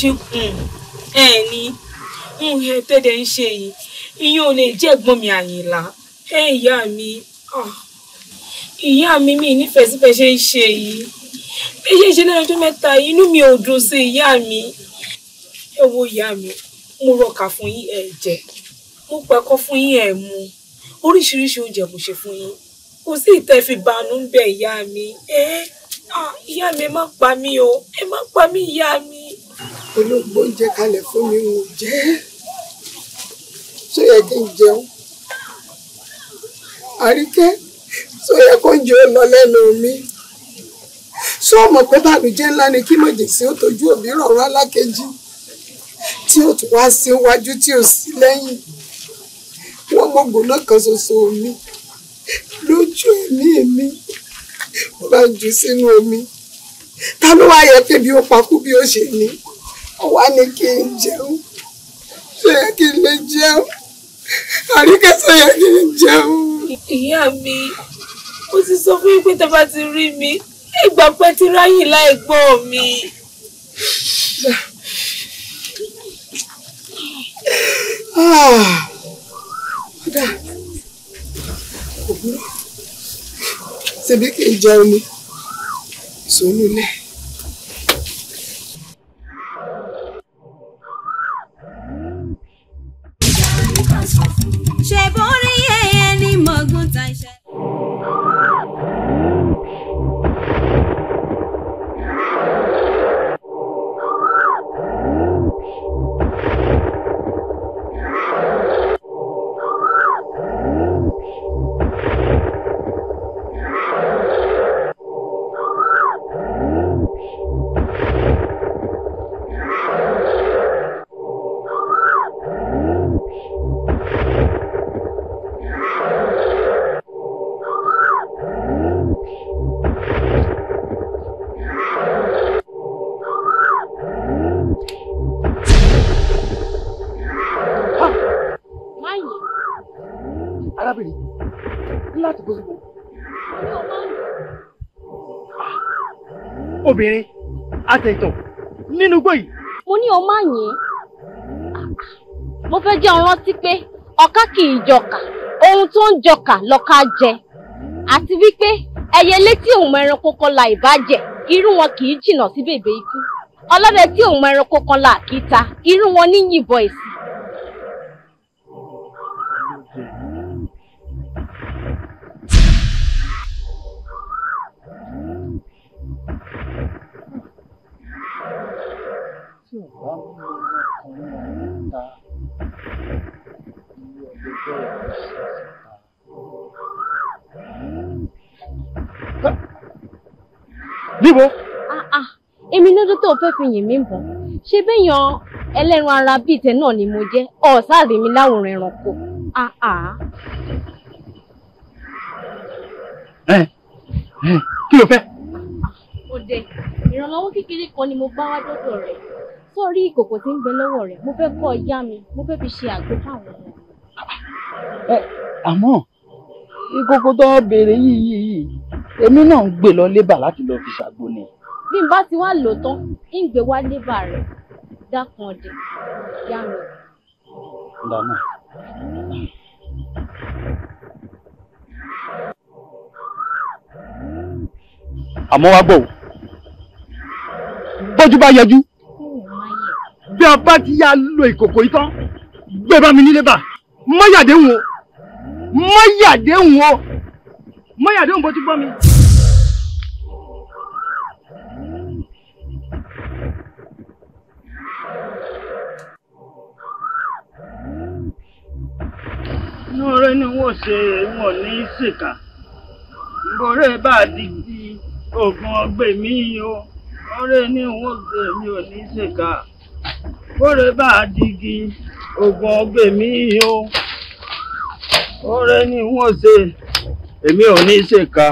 ṣe ẹ ní ẹ tẹ́lẹ̀ ń ṣe yìí ìyẹn ò lè jẹ́ ẹ̀gbọ́n mi àyìnlá ẹ ìyá mi ìyá mi mi nífẹ̀ẹ́ sí ṣe ń ṣe yìí bí ṣe ṣe lẹ́nu ọjọ́ mẹ́ta inú mi ò dùn sí ìyá mi ẹ wo ìyá mi mo rọkà fún yín ẹ jẹ mo pẹkọ fún yín ẹ mu oríṣiríṣi oúnjẹ mo ṣe fún yín kò sí ìtẹ́ fi banú bẹ ìyá mi ẹ ìyá mi ẹ má pa mí o ẹ má pa mí ìyá mi olóògbé oúnjẹ kalẹ̀ fún mi ò jẹ́ ṣó yẹ kí n jẹun àríkẹ́ ṣó yẹ kó ń jẹ ó lọ lẹ́nu mi ṣó mọ̀ pé bàlùjẹ́ ńlá ni kí mọ̀jẹ̀sí ó tọ́jú òbí rọ̀rùn alákejì tí ó tún wá sí iwájú tí ó sí lẹ́yìn wọ́n mọ̀gbọ́n náà kan ṣoṣo mi lójú ẹ̀mí mi wọ́n bá jù sínú omi ta ló wá yẹ pé bí ó pakú bí ó ṣe ní ọ̀wá ni kí n jẹun ṣé yẹ kí n lè jẹun àríkẹ́sọ̀ yẹ kí n jẹun. ìyá mi mo ti sọ fún yín pé tẹ́ bá ti rí mi ìgbà pẹ́ ti ráyìn láì gbọ́ mi. Ah, ọ̀dà kò burú jẹun ni ìsònú lẹ́ẹ̀. ce vor obìnrin àtẹ̀tọ̀ nínú igbó yìí. mo ní o máa mo fẹ́ jẹ́ rántí pé ọ̀ká kì í jọkà ohun tó ń jọkà lọ́ka jẹ àti wípé ẹyẹ létí òun ẹranko kan la ìbàjẹ́ irú wọn kì í jìnnà sí bèbè ikú ọlọ́dẹ tí òun ẹranko kan la kì í ta irú wọn ní yìnbọn èsì mẹ́ta ní ọdún bẹ́ẹ̀ sí ìta. níbo. èmi ló dótò fẹ́ fi yìn mí bọ̀ ṣé béèyàn ẹlẹ́ran ara bíi tẹ náà ni mo jẹ́ ọ̀sáàrí mi láwòrán ẹranko. Ah, ah. kí ló fẹ́. ọ̀dẹ̀ ìrànlọ́wọ́ kékeré kan ni mo bá wá dọ́dọ̀ rẹ̀ sórí ìkòkò tí ń bẹ lọ́wọ́ rẹ̀ mo fẹ́ kọ́ ìyá mi mo fẹ́ fi ṣe àgbo fáwọn ọmọ. ẹ àmọ́ ìkòkò tó béèrè yìí yìí yìí èmi náà ń gbé lọ lébà láti lọ fi ṣàgbo ni. bí n bá ti wá lò tán ń gbé wá lébà rẹ̀ dákun ọdẹ ìyá mi. ìlànà. àmọ́ wá gbọ́ o bójú bá yẹjú bí a bá ti yá lo ìkòkò yìí tán gbé mi nílé bá mọ́yàdé ń wo mọ́yàdé ń wo mọ́yàdé ń bó ti gbọ́ mi. inú ọ̀rẹ́ ni wọ́n ṣe wọn ní ṣèkà ìbọ̀rẹ́ bá di oògùn ọgbẹ́ mi o ọ̀rẹ́ ni wọ́n ṣe mi ò ní ṣèkà kóre bá digi oògùn ọgbẹ́ mi o ọ̀rẹ́ ni wọ́n ṣe èmi ò ní ṣèkà.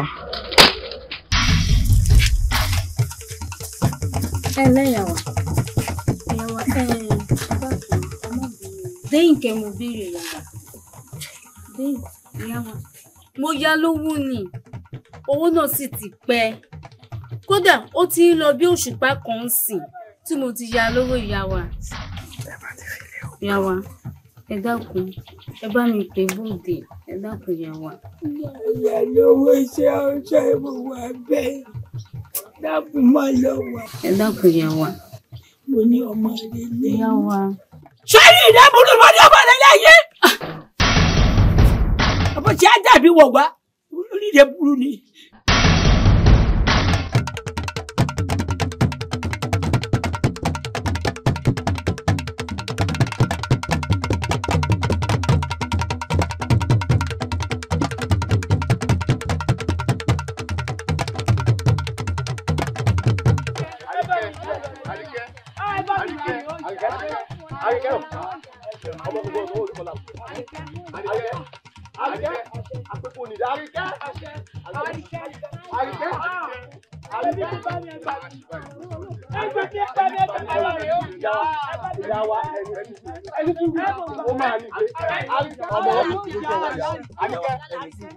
ẹ lẹ́yìn àwọn ìyàwó ẹ lẹ́yìn kẹ́ mo béèrè yàrá lẹ́yìn ìyàwó mo yá lówó ni owó náà sì ti pẹ́ kódà ó ti ń lọ bí òṣùpá kan ń sìn tí mo ti ya lówó ìyá wa ìyá wa ẹ dákun ẹ bá mi pè bóde ẹ dákun ìyá wa. ìyá lówó iṣẹ́ ọjọ́ ìwòwò abẹ́ dákun má lọ wà. ẹ dákun ìyá wa. mo ní ọmọ rẹ lé. ìyá wa. ṣé ìdá burú mo ní ọmọ rẹ lẹ́yìn. Ah! ọmọ tí dàbí wọ̀gbá olórí rẹ burú ni.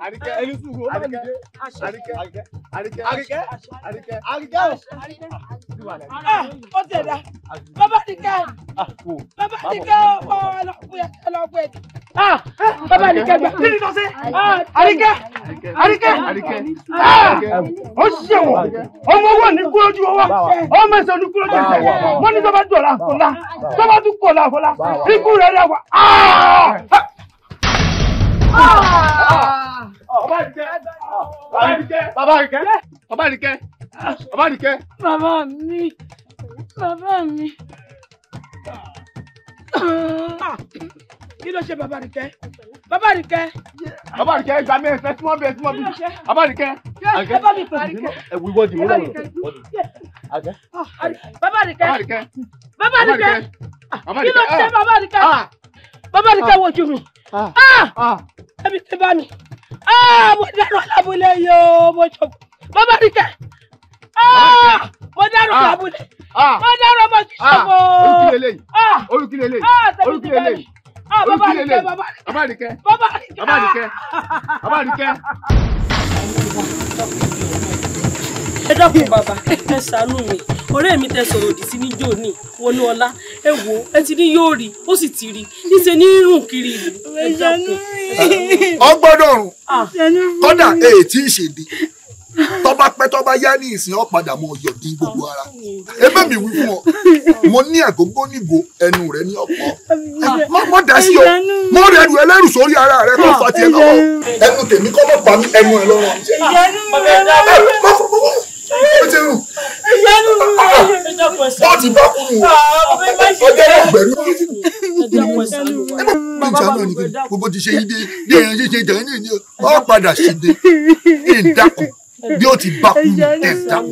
Àríkẹ́ ẹlísùwò Àríkẹ́ Àríkẹ́ Àríkẹ́ Àríkẹ́ Àríkẹ́ Àríkẹ́ Àríkẹ́ Àríkẹ́ ó ti ẹ̀dá bàbá Àríkẹ́ bàbá Àríkẹ́ ọ ẹlọ́pẹ́ ẹlọ́pẹ́ bàbá Àríkẹ́ gbà kí ni tó ṣe Àríkẹ́ Àríkẹ́ ó ṣe wọ ọmọ owó ní kúlójú wa ọmọ ẹsẹ̀ ní kúlójú ẹsẹ̀ wọ́n ní tó bá dùn ọ̀la àfọlá tó bá dùn kọ̀ ọ̀la àfọlá ikú rẹ̀ rẹ̀ wà bàbá àríkẹ́ bàbá àríkẹ́ bàbá àríkẹ́. bàbá mi bàbá mi. kí ló ṣe bàbá àríkẹ́ bàbá àríkẹ́. bàbá àríkẹ́ ẹgbà mi ẹsẹ tí wọ́n bẹ tí wọ́n bí bàbá àríkẹ́. ẹ bá mi pè àríkẹ́. ẹ wí wọ́ọ̀dì wọ́ọ̀dì àríkẹ́. bàbá àríkẹ́ bàbá àríkẹ́ kí ló ṣe bàbá àríkẹ́ bàbá àríkẹ́ wojú mi. Ah! Ah! bá mi ah! mo dárò alábúlé yóò mo ṣòfò mo bá rí kẹ mo dárò ah! alábúlé ah! mo dárò mo ti Ah! orúkìlẹ̀ eléyìí Ah! eléyìí orúkìlẹ̀ eléyìí orúkìlẹ̀ eléyìí bàbá rí kẹ bàbá rí kẹ bàbá rí kẹ ẹ dákun bàbá ẹ ṣàánú mi ọ̀rẹ́ mi tẹ sọ̀rọ̀ òdì sí ní jóòní wọnú ọlá ẹ wò ẹ ti ní yóò rí ó sì ti rí níṣẹ́ ní rùn kiri ìlú ẹ dákun. ọ gbọ́dọ̀ rùn kódà èyí tí ì ṣèdí tọ́ba pẹ́ tọ́ba yá ní ìsìn ọ padà mọ ọyọ dín gbogbo ara ẹgbẹ́ mi wí fún ọ mo ní àgógó nìgò ẹnu rẹ ní ọpọ mọ dá sí ọ mọ rẹ lu ẹlẹ́rù sórí ara rẹ kó fa tiẹ̀ kọ́ ẹnu tèmi kọ́ mọ̀ pa ẹnu ẹ lọ́rùn ó ti rù. ìyá ah, ah, ah. ni mo ń bá ọ ti bá kú nù ọjọ́ náà gbẹ̀rú. ẹ bá gbé ìjà náà níbi gbogbo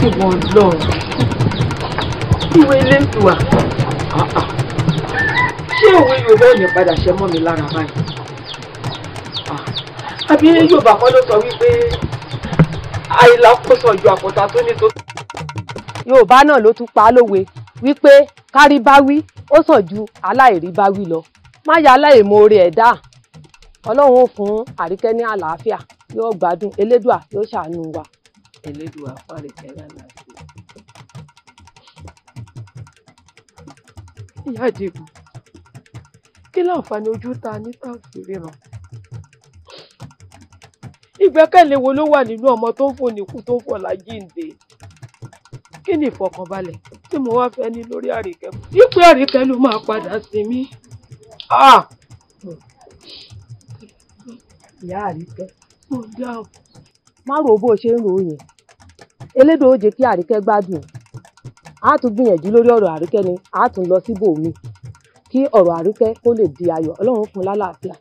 ìwọ Ọlọ́run ìwé ilé ń tu wa ṣé òwe Yorùbá ò ní padà ṣe mọ́ mi lára báyìí àbí Yorùbá kan ló sọ wípé àìlà kó sọ ju àpótá tó ní tó. Yorùbá náà ló tún pa á lówe wípé kárí bá wí ó sàn ju aláìrí bá wí lọ má yà aláìmoore ẹ̀dá Ọlọ́run ó fún Àríkẹ́ ní àlàáfíà yóò gbádùn Elédùà yóò ṣàánú wa. Elédùà fàríkẹ́ lálàáfíà. Ìyá Ìjẹ̀bú, kí láǹfààní ojú ta ní táàfì ríran? Ìgbẹ́kẹ̀lé wo ló wà nínú ọmọ tó ń fò níkù tó ń fò lájíǹde? Kí ni ìfọ̀kànbalẹ̀ tí mo wá fẹ́ ní lórí àríkẹ́? Ipò àríkẹ́ ló máa padà sí mí. Ah! Ìyá àríkẹ́, mo dáhùn má rò bó ṣe ń rò yẹn elédò ó jẹ́ kí àríkẹ́ gbádùn á tún gbìyànjú lórí ọ̀rọ̀ àríkẹ́ ni á tún lọ síbòmíì kí ọ̀rọ̀ àríkẹ́ kó lè di ayọ̀ ọlọ́run fún lálàáfíà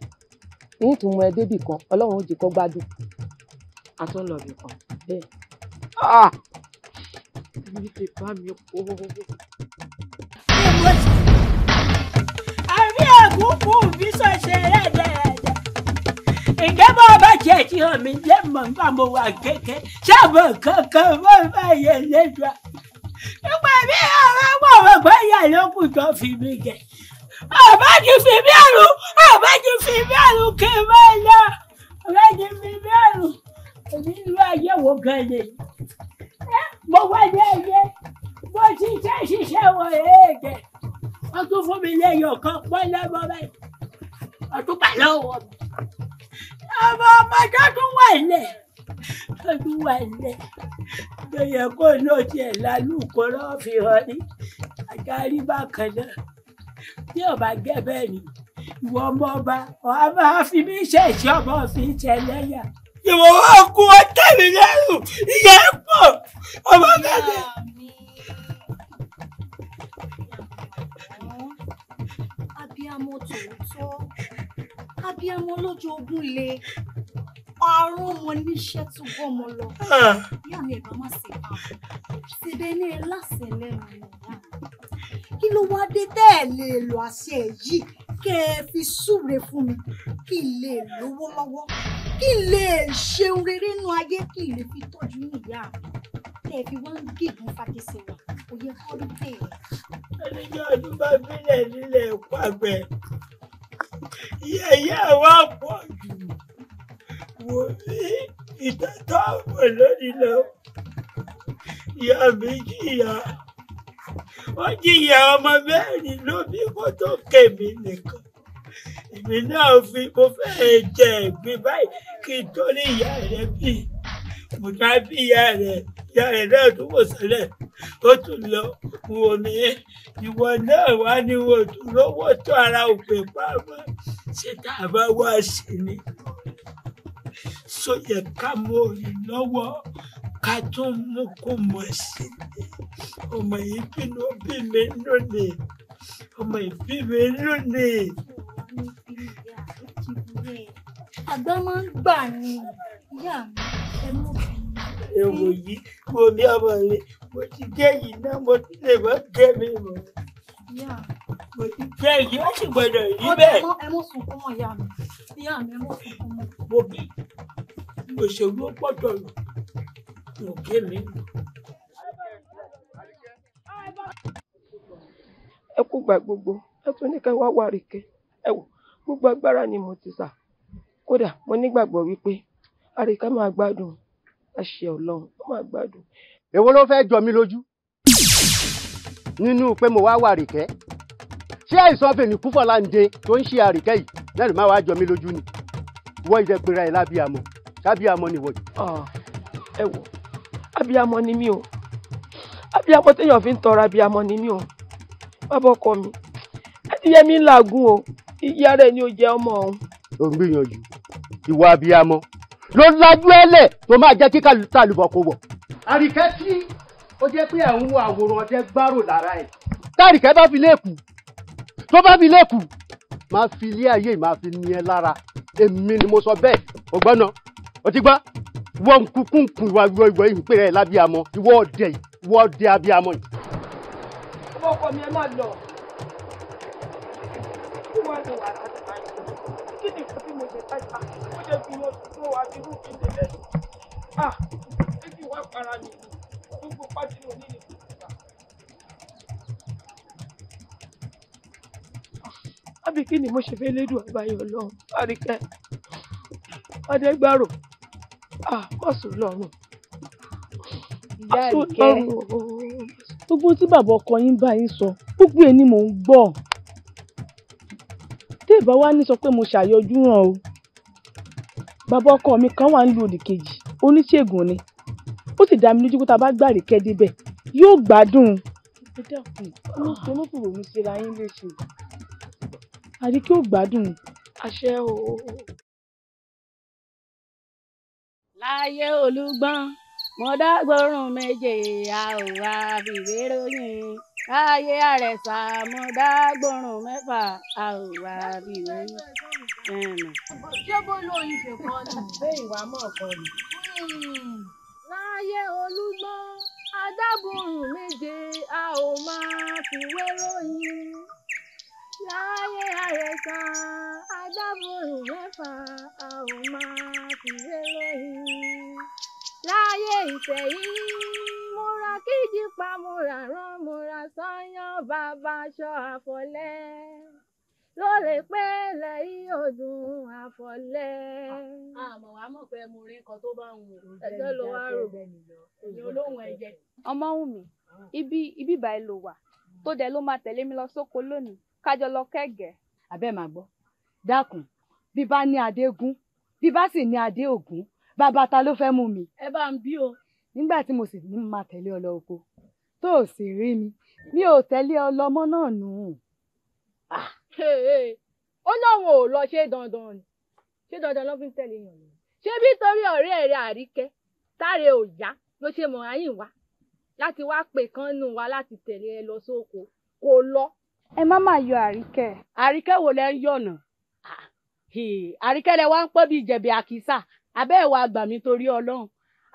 ní ìtumọ̀ ẹ débì kan ọlọ́run ó jẹ́ kó gbádùn a tún lọ bì kan bẹ́ẹ̀. Ah! mi ti bá mi kó. àbí ẹ̀gún kù bí rẹ̀ dẹ̀ ǹjẹ́ bọ́ ọba tí ẹ ti hàn mí jẹ́ mọ̀ nípa mo wà kéèké ṣáàbọ̀ kankan mọ́ bá yẹ lẹ́dùá. nípa bí ọ̀rọ̀ mọ̀ ọ̀gbọ́n ìyá lókùn tó fi mí jẹ. ọ̀bá ti fi mí àrùn ọ̀bá ti fi mí àrùn kí n máa lọ. ọ̀bá ti fi mí àrùn èmi ìlú àyẹ̀wò gan lè. mo wá ní ẹyẹ mo ti ṣe ṣiṣẹ́ wọ èèkẹ́. wọ́n tún fún mi lẹ́yìn ọ̀kan pọ́nlẹ́ mọ́ báyìí. ọ̀tún pàlọ́ wọ̀ mi ọmọ ọmọdé tún wà lẹ̀ tó tún wà lẹ̀ tó yẹ kó náà tiẹ̀ lálùkọ́ náà fi hàn ní àgárí bákan náà tí ọba gẹ́ bẹ́ẹ̀ ni ìwọ ọmọ ọba ọba máa fi mí ṣẹ̀ṣẹ̀ ọmọ fi ń ṣe lẹ́yà. ìwọ wa kú ọtẹ mi lẹ́rù ìyá ẹ pọ̀ ọmọ bẹ́ẹ̀ abiyamọ tòótọ́ abiyamọ lọ́jọ́ ogún le àrùn ọmọ níṣẹ́ tó bọ́ ọmọ lọ ah. ìyá mi ẹ̀bà má ṣe pa síbẹ̀ ní ẹ láṣẹ lẹ́nu ìyá kí ló wá dé tẹ́ ẹ lè lo àṣẹ yìí kẹ́ ẹ fi súre fún mi kí n lè lówó lọ́wọ́ kí n lè ṣeun rere nínú ayé kí n lè fi tọ́jú ní ìyá mi ẹ fi wá ń gègùn fàkẹsẹ̀ wà òye kọ́ ló tẹ̀ ẹ́. ẹni yóò dúpẹ́ bílẹ̀ nílẹ̀ ẹ̀kọ́ àgbẹ̀ yẹ̀yẹ́ wa pọ̀ jù wò bí ìtẹ́tọ́ àwọ̀ lónìí lọ ìyá mi jìyà ó jìyà ọmọ mẹ́rin ló kó tó kèmí nìkan èmi náà fi mo fẹ́ jẹ ìgbín báyìí kí n tó ní ìyá rẹ bí mo dá bí ìyá rẹ. Ya rẹ̀ náà tún wò sẹ́lẹ̀ ó tún lọ wò mí ìwọ náà wá ní wò tún lówó tó ara òpè pamọ́ ṣé tá a bá wá sí ni sóyè ká mọ òyìn lọ́wọ́ ká tún mú kó mọ̀ sí ni ọmọ yìí bínú bí mi lónìí ọmọ ìbí mi lónìí. àgbà máa ń gbà ní ìyá mi ẹ mú mi èwo yìí mo ní ọmọ mi mo ti dé yìí náà mo ti lè mọ dé mi mọ mo ti dé yìí ó sì gbọ́dọ̀ yí bẹ́ẹ̀. ẹ mọ sunkún mọ́ ìyá mi ìyá mi ẹ mọ sunkún mọ́. mo bí òṣèlú pọ̀jọ̀ lọ mo gé mi. ẹ kú gbà gbogbo ẹ tún ní ká wá wà rèké ẹ wò gbogbo agbára ni mo ti sà kódà mo nígbàgbọ́ wípé àríkà máa gbádùn àṣẹ Ọlọ́run ó máa gbádùn. èwo ló fẹ́ẹ́ jọ mí lójú nínú pé mo wá wà rìkẹ́ ṣé àìsàn fèmí kúfọ̀láǹde tó ń ṣe àrìkẹ́ yìí lẹ́rìí má wàá jọ mí lójú ni wọ́ ìdẹ́gbera ẹ̀ lábíàmọ́ kábíàmọ́ ni wọ́ọ̀jù. ẹ wò abíàmọ́ ni mí o abíàmọ́ téèyàn fi ń tọrọ abíàmọ́ ni mí o bàbá ọkọ mi adìyẹ mi ń o ìyá rẹ̀ ni ó jẹ ọmọ òun. ò ń gbìyànjú ìwà abíàmọ́ ló lajú ẹlẹ̀ tó máa jẹ́ kí tàlùbọ̀ kò wọ̀. àríkẹ́ tí ó jẹ́ pé ẹ̀ ń wo àwòrán ọdẹ gbárò lára ẹ̀. tárìkẹ́ bá fi léèkù tó bá fi léèkù máa fi ilé ayé máa fi ní ẹ lára èmi ni mo sọ bẹ́ẹ̀ ọgbọ́nà ó ti gbọ́ wọ́n kúkúǹkù ìwà ìwọ ìwọ ìpè rẹ̀ lábíàmọ́ ìwọ ọdẹ ìwọ ọdẹ abíàmọ́ yìí. ọmọ ọkọ mi ẹ máa lọ kí wọ́n ti wà láti máa ń kí ni kò Abi jẹ́ kí wọ́n tó abirú kí n lè lẹ́nu ah ṣé kí wọ́n para mi gbogbo pátí mo ni mo ṣe fẹ́ lédùn àbáyọ lọ àríkẹ́ adẹ́gbàrò àmọ́sùn lọ́rùn. ìyá àríkẹ́ gbogbo tí bàbá ọkọ yín bá yín sọ gbogbo ẹ̀ ni mò ń gbọ́ tẹ́ ẹ ní sọ pé mo ṣàyọjú hàn o bàbá ọkọ mi kan wà nílùú òdìkejì oníṣègùn ni ó sì dá mi lójú pé tá a bá gbàrí kẹ́ débẹ̀ yóò gbádùn. ẹ dẹ́kun ló gbádùn àṣẹ o. láyé olúgbọ́n mo méje àwòrán ìwé ròyìn ayé àrẹ̀sà mo dágbòrùn mẹ́fà a ò wá bí wọ́n. ṣé bó lóyún ṣe kọ́ ni bẹ́ẹ̀ ìwà mọ̀ kọ́ ni. Hmm. láyé olúgbọ́n adábòrùn méje a ò máa fiwé ròyìn láyé àrẹ̀sà adábòrùn mẹ́fà a ò máa fiwé ròyìn láyé ìfẹ̀yìn múra kíjì pa múra rán múra sanyán bàbá aṣọ àfọlẹ́ lórí pẹ́ẹ́lẹ̀ yìí ò dùn àfọlẹ́. wàá mọ̀ pé mo rí nǹkan tó bá wù ú. ẹjọ́ ló wá rò èyí olóhùn ẹ̀jẹ̀. Ọmọ́wùmí ibi ibi báyìí ló wà tó dẹ̀ ló máa tẹ̀lé mi lọ sóko lónìí kájọ lọ kẹ́gẹ̀ẹ́. àbẹ́ màá gbọ́ dákun bí bá ní adé gún bí bá sì ní adé ògún bàbá ta ló fẹ́ mú mi. ẹ bá ń bí o nígbà tí mo sì ní máa tẹ̀lé ọ oko tó o sì rí mi mi ò tẹ̀lé ọ lọmọ náà nù. Ah, ó lóun ò lọ ṣe dandan ni ṣé dandan ló fi ń tẹ̀lé yàn lọ ṣé bí torí ọ̀rẹ́ rẹ̀ àríkẹ́ táre ò yá ló ṣe mọ̀ ayín wá láti wá pè kán nù wá láti tẹ̀lé ẹ lọ sóko kó lọ. ẹ má máa yọ àríkẹ́. àríkẹ́ wo lẹ ń yọ̀nà ah, àríkẹ́ lẹ wá ń pọ́ bí ìjẹ̀bẹ̀ àkísà abẹ́ ẹ̀ wá gbà mí torí ọlọ́run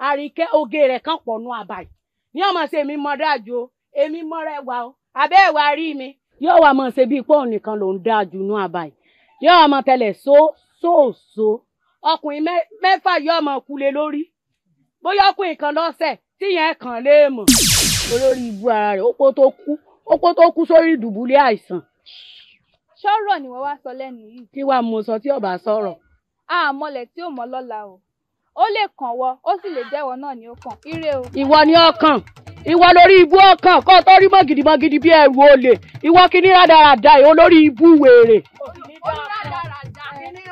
àríkẹ́ oge rẹ̀ kàn pọ̀ nù àbàyè ní ọmọ ṣe èmi mọ dájú o èmi mọ rẹwà o àbẹ́ ẹ̀wà rí mi yóò wá mọ̀ ṣe bíi pọ́ùn nìkan lòún dájú nù àbàyè yóò wá mọ̀ so so. ọkùnrin mẹ́fà yóò mọ̀ kulẹ̀ lórí bóyá ọkùnrin kan lọ́sẹ̀ tíyẹn kàn léèmọ̀ olórí ibu ara rẹ̀ opó tó kú opó tó kú sórí ìdùbúlẹ̀ àìsàn. sọ̀rọ̀ ni wọ́n wá sọ lẹ́nu yìí. kí wàá mo sọ tí ọba sọ̀rọ̀. àmọ́lẹ̀ tí ò mọ́ lọ́la o ó lè kàn wọ ó sì lè jẹ́wọ́ náà ni ó kàn ire o. ìwọ ni ọkàn ìwọ lórí ibú ọkàn kó o tó rí mọ̀gìdìmọ̀gìdì bí ẹrù olè ìwọ kìíní rádaràda ìwọ lórí ibú wèrè. ó ní rádaràda kìíní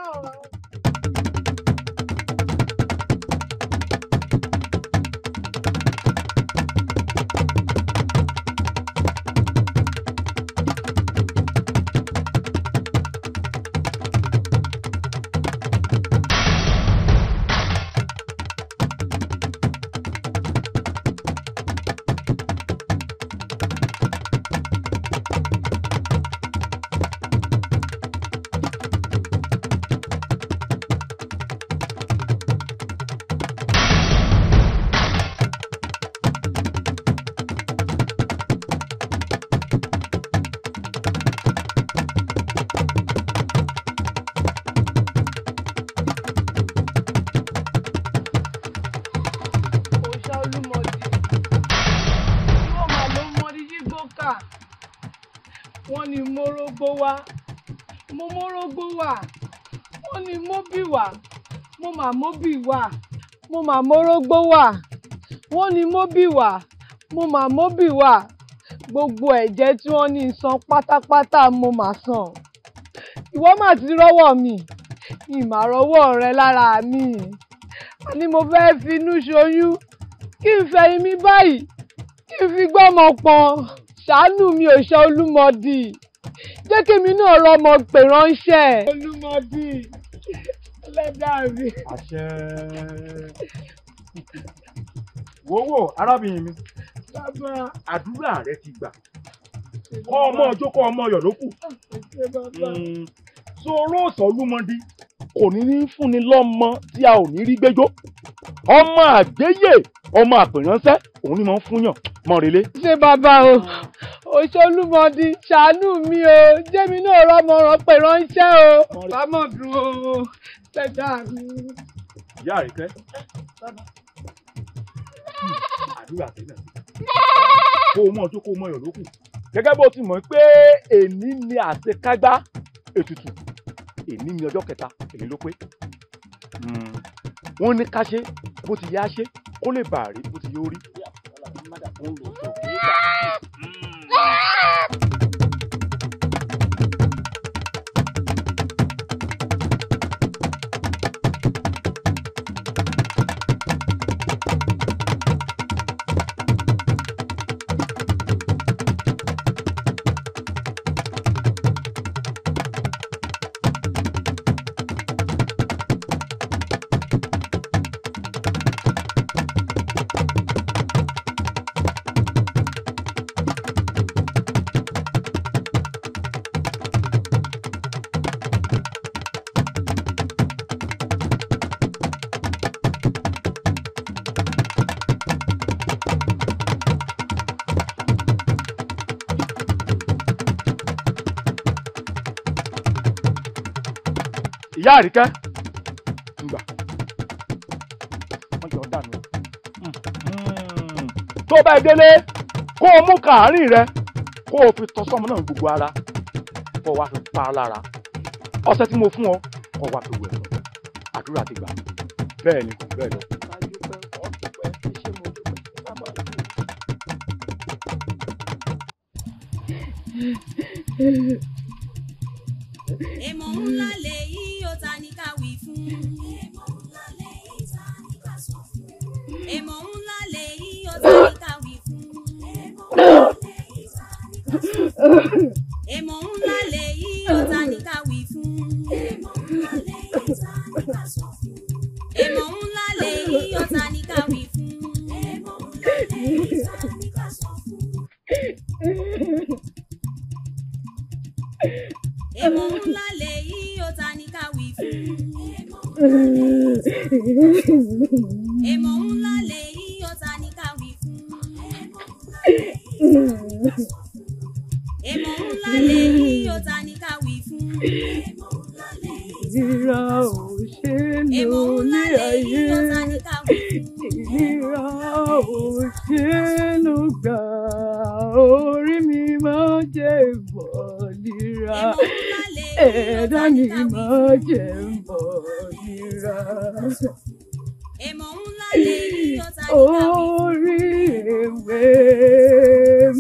mo mórógbó wà wọ́n ní móbì wà mo mà móbì wà mo mà mórógbó wà wọ́n ní móbì wà mo mà móbì wà gbogbo ẹ̀jẹ̀ tí wọ́n ní san pátápátá mo mà san ìwọ mà ti rọ́wọ́ mi ìmà rọ́wọ́ rẹ lára mi àní mo fẹ́ finú ṣoyún kí n fẹ̀yìn mi báyìí kí n fi gbọ́mọ pọn ṣàánú mi ò ṣe olúmọdì jẹ́ kémi náà rọmọ pè ránṣẹ́. olùmọ̀bí lẹ́dàbí. àṣẹ wòwò arábìnrin mi àdúrà rẹ ti gbà kọ́ ọmọ ọjọ́ kọ́ ọmọ ọyọ̀ ló kù hmm. sọ̀rọ̀ sọ̀lúmọdé kò ní ní fúnni lọ́mọ tí a ò ní rí gbẹ́jọ́ ọmọ àgbéyè ọmọ àpèránṣẹ́ òun ni mo ń fúnyàn mọ̀rẹ́lé. ṣé bàbá o òṣèlúmọdì ṣàánú mi o jẹ́mi náà rọ́mọ ọ̀pẹ̀ ránṣẹ́ o bámọ̀ dùn o ṣẹ̀dá mi. ìyá àríkẹ́ àdúrà tẹ́lẹ̀ kó o mọ̀ tó kó o mọ̀ yọ̀ lókù gẹ́gẹ́ bó ti mọ̀ pé èmi ni àṣekágbá ètùtù èní ni ọjọ́ kẹta èyí ló pé hmm. wọ́n ní ká ṣe bó ti yá ṣe kó lè bàa bó ti yóò rí. Hmm. ìyá àríkẹ́ ngbà wọ́n yọ dànù hmm. tó bá délé kó o mú kàárín rẹ kó o fi tọ́ sọ́mọ náà gbogbo ara kó o wá fi pa á lára ọṣẹ tí mo fún ọ kó o wá fi wẹ̀ fún àdúrà ti gbà bẹ́ẹ̀ ni bẹ́ẹ̀ lọ. Mm-hmm.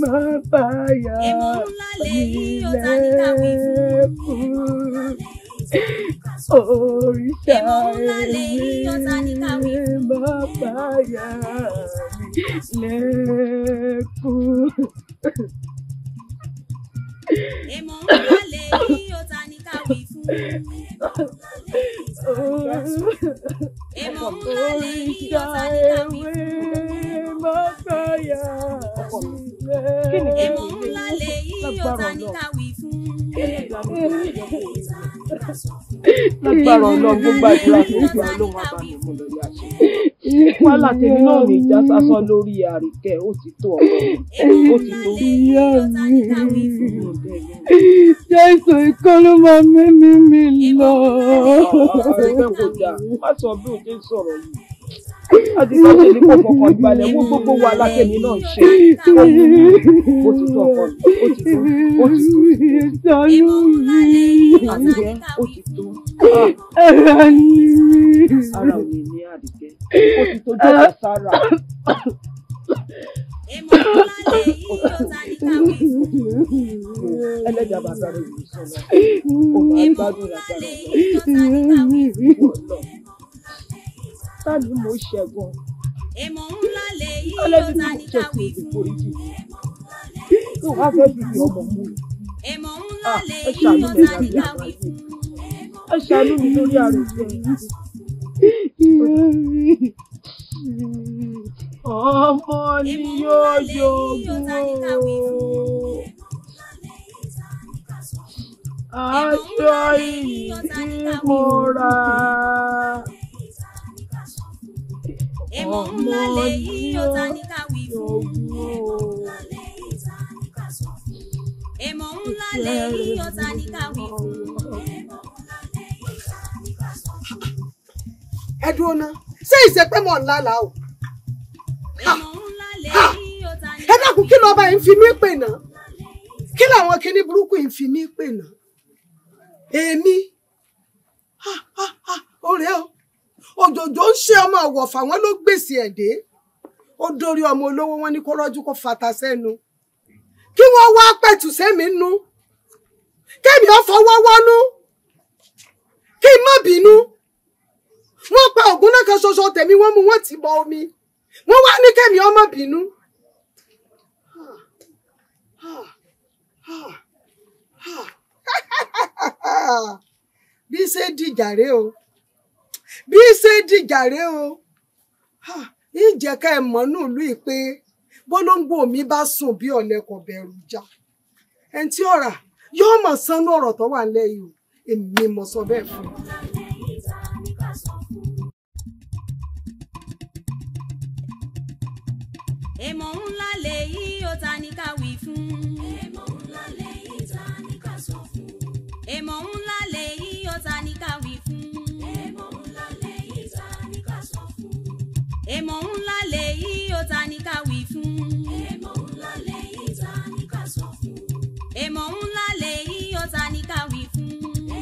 má báyà ilẹ̀ kú òrìṣà má báyà ilẹ̀ kú. Èmọ̀ ń bá lè rí ọ̀tá ní tàbí fún lágbára ọlọ́run gbogbo tó ń gbà ló máa bá mi mú lórí àṣẹ wàhálà tèmi náà lè já sásán lórí àríkẹ́ ó ti tó ọmọ ó ti tó. ìyá mi jésù ikán máa mímí mi lọ. àríkẹ́ kò dáa má sọ bí òjé sọ̀rọ̀ yìí àti sọ́ọ̀tì ní kò fọkàn mi àdìgẹ́ ó ti tó ara mi Ẹlẹ́dàá bàbá rẹ̀ yìí sọ̀rọ̀, ó máa ń gbádùn rẹ̀ dáadáa sani mo ṣẹ́gun. èmọ̀ ńlá lè yí yóò ta ní káwí fún. tó wàá fẹ́ fi fi ọmọ mú. èmọ̀ ńlá ah, lè yí yóò ta ní káwí fún. ẹ ṣàánú mi lórí àròsọ yìí. ọmọ ni yóò jogún o. aṣọ yìí tí mo rà èmọ̀ ń lálẹ́ yìí ó ta ní káwí fún. èmọ̀ ń lálẹ́ yìí ó ta ní káwí fún. ẹ dúró ná ṣé ìṣepẹ́ mọ̀ ń lálàá o. èmọ̀ ń lálẹ́ yìí ó ta ní káwí fún. ẹ dákun kí lọ́ba yìí ń fi mí pè náà kí làwọn kinní burúkú yìí fi mí pè náà èmi ó o òjòjò ń ṣe ọmọ ọ̀wọ̀fà wọn ló gbèsè ẹ̀dẹ́ ó dórí ọmọ olówó wọn ní kó rọ́jú kó fata sẹ́nu kí wọ́n wá pẹ̀tù sẹ́mi nu kémi ó fọwọ́ wọ́nú kí n má bínú wọ́n pa ògùn náà kan ṣoṣo tèmi wọ́n mú wọ́n ti bọ omi wọ́n wá ní kémi ó má bínú. bí ṣe dìjà rèé o. bí ṣe dìjà rèé o ìjẹ́ ká ẹ̀ lù nílùú pé bólóńgbò mi bá sùn bí ọ̀lẹ kò bẹ̀rù já ẹni tí ọ̀rà yóò mọ̀ sánú ọ̀rọ̀ tó wà lẹ́yìn o èmi mo sọ bẹ́ẹ̀ fún un. ńlá lèyí ó ta ní ká wí fún. èmọ̀ ńlá lèyí ta ní ká sọ fún. èmọ̀ ńlá lèyí ó ta ní. èèmọ̀ ńlá lèyí ó ta ní ká wí fún. èèmọ̀ ńlá lèyí ta ní ká sọ fún. èèmọ̀ ńlá lèyí ó ta ní ká wí fún.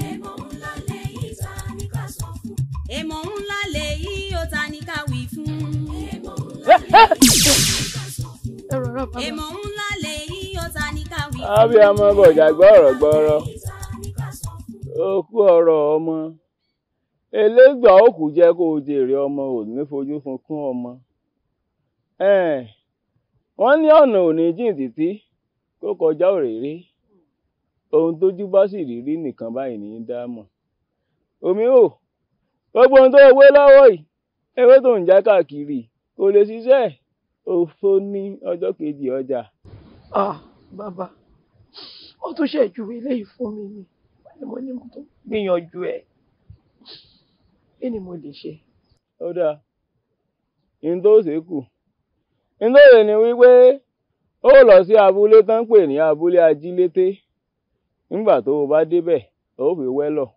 èèmọ̀ ńlá lèyí ta ní ká sọ fún. èèmọ̀ ńlá lèyí ó ta ní ká wí fún. èèmọ̀ ńlá lèyí ó ta ní ká sọ fún. èèmọ̀ ńlá lèyí ó ta ní ká wí fún. àbí amọ̀ bọ̀jà gbọ́ ọ̀rọ̀ gbọ́rọ̀ ó kú ọ̀rọ̀ ọmọ. elégbà ó kù jẹ́ kó o jèrè ọmọ ò ní fojú sunkún ọmọ Wọn ní ọ̀nà ò ní jìn títí kó kọjá òrèré ohun tójú bá sì rí rí nìkan báyìí ní í dá omi ò gbogbo ohun tó wé lọ́wọ́ yìí ewé tó ń já káàkiri kò lè òfo ní ọjọ́ kejì ọjà. ah bàbá ó tún ṣèjú eléyìí fún mi ni mo ní mo kí ni mo lè ṣe. ó dáa ní tó ṣe kù ní tó ṣe ni wípé ó lọ sí abúlé tó ń pè ní abúlé ajílété nígbà tó o bá débẹ̀ ó fi wẹ́lọ̀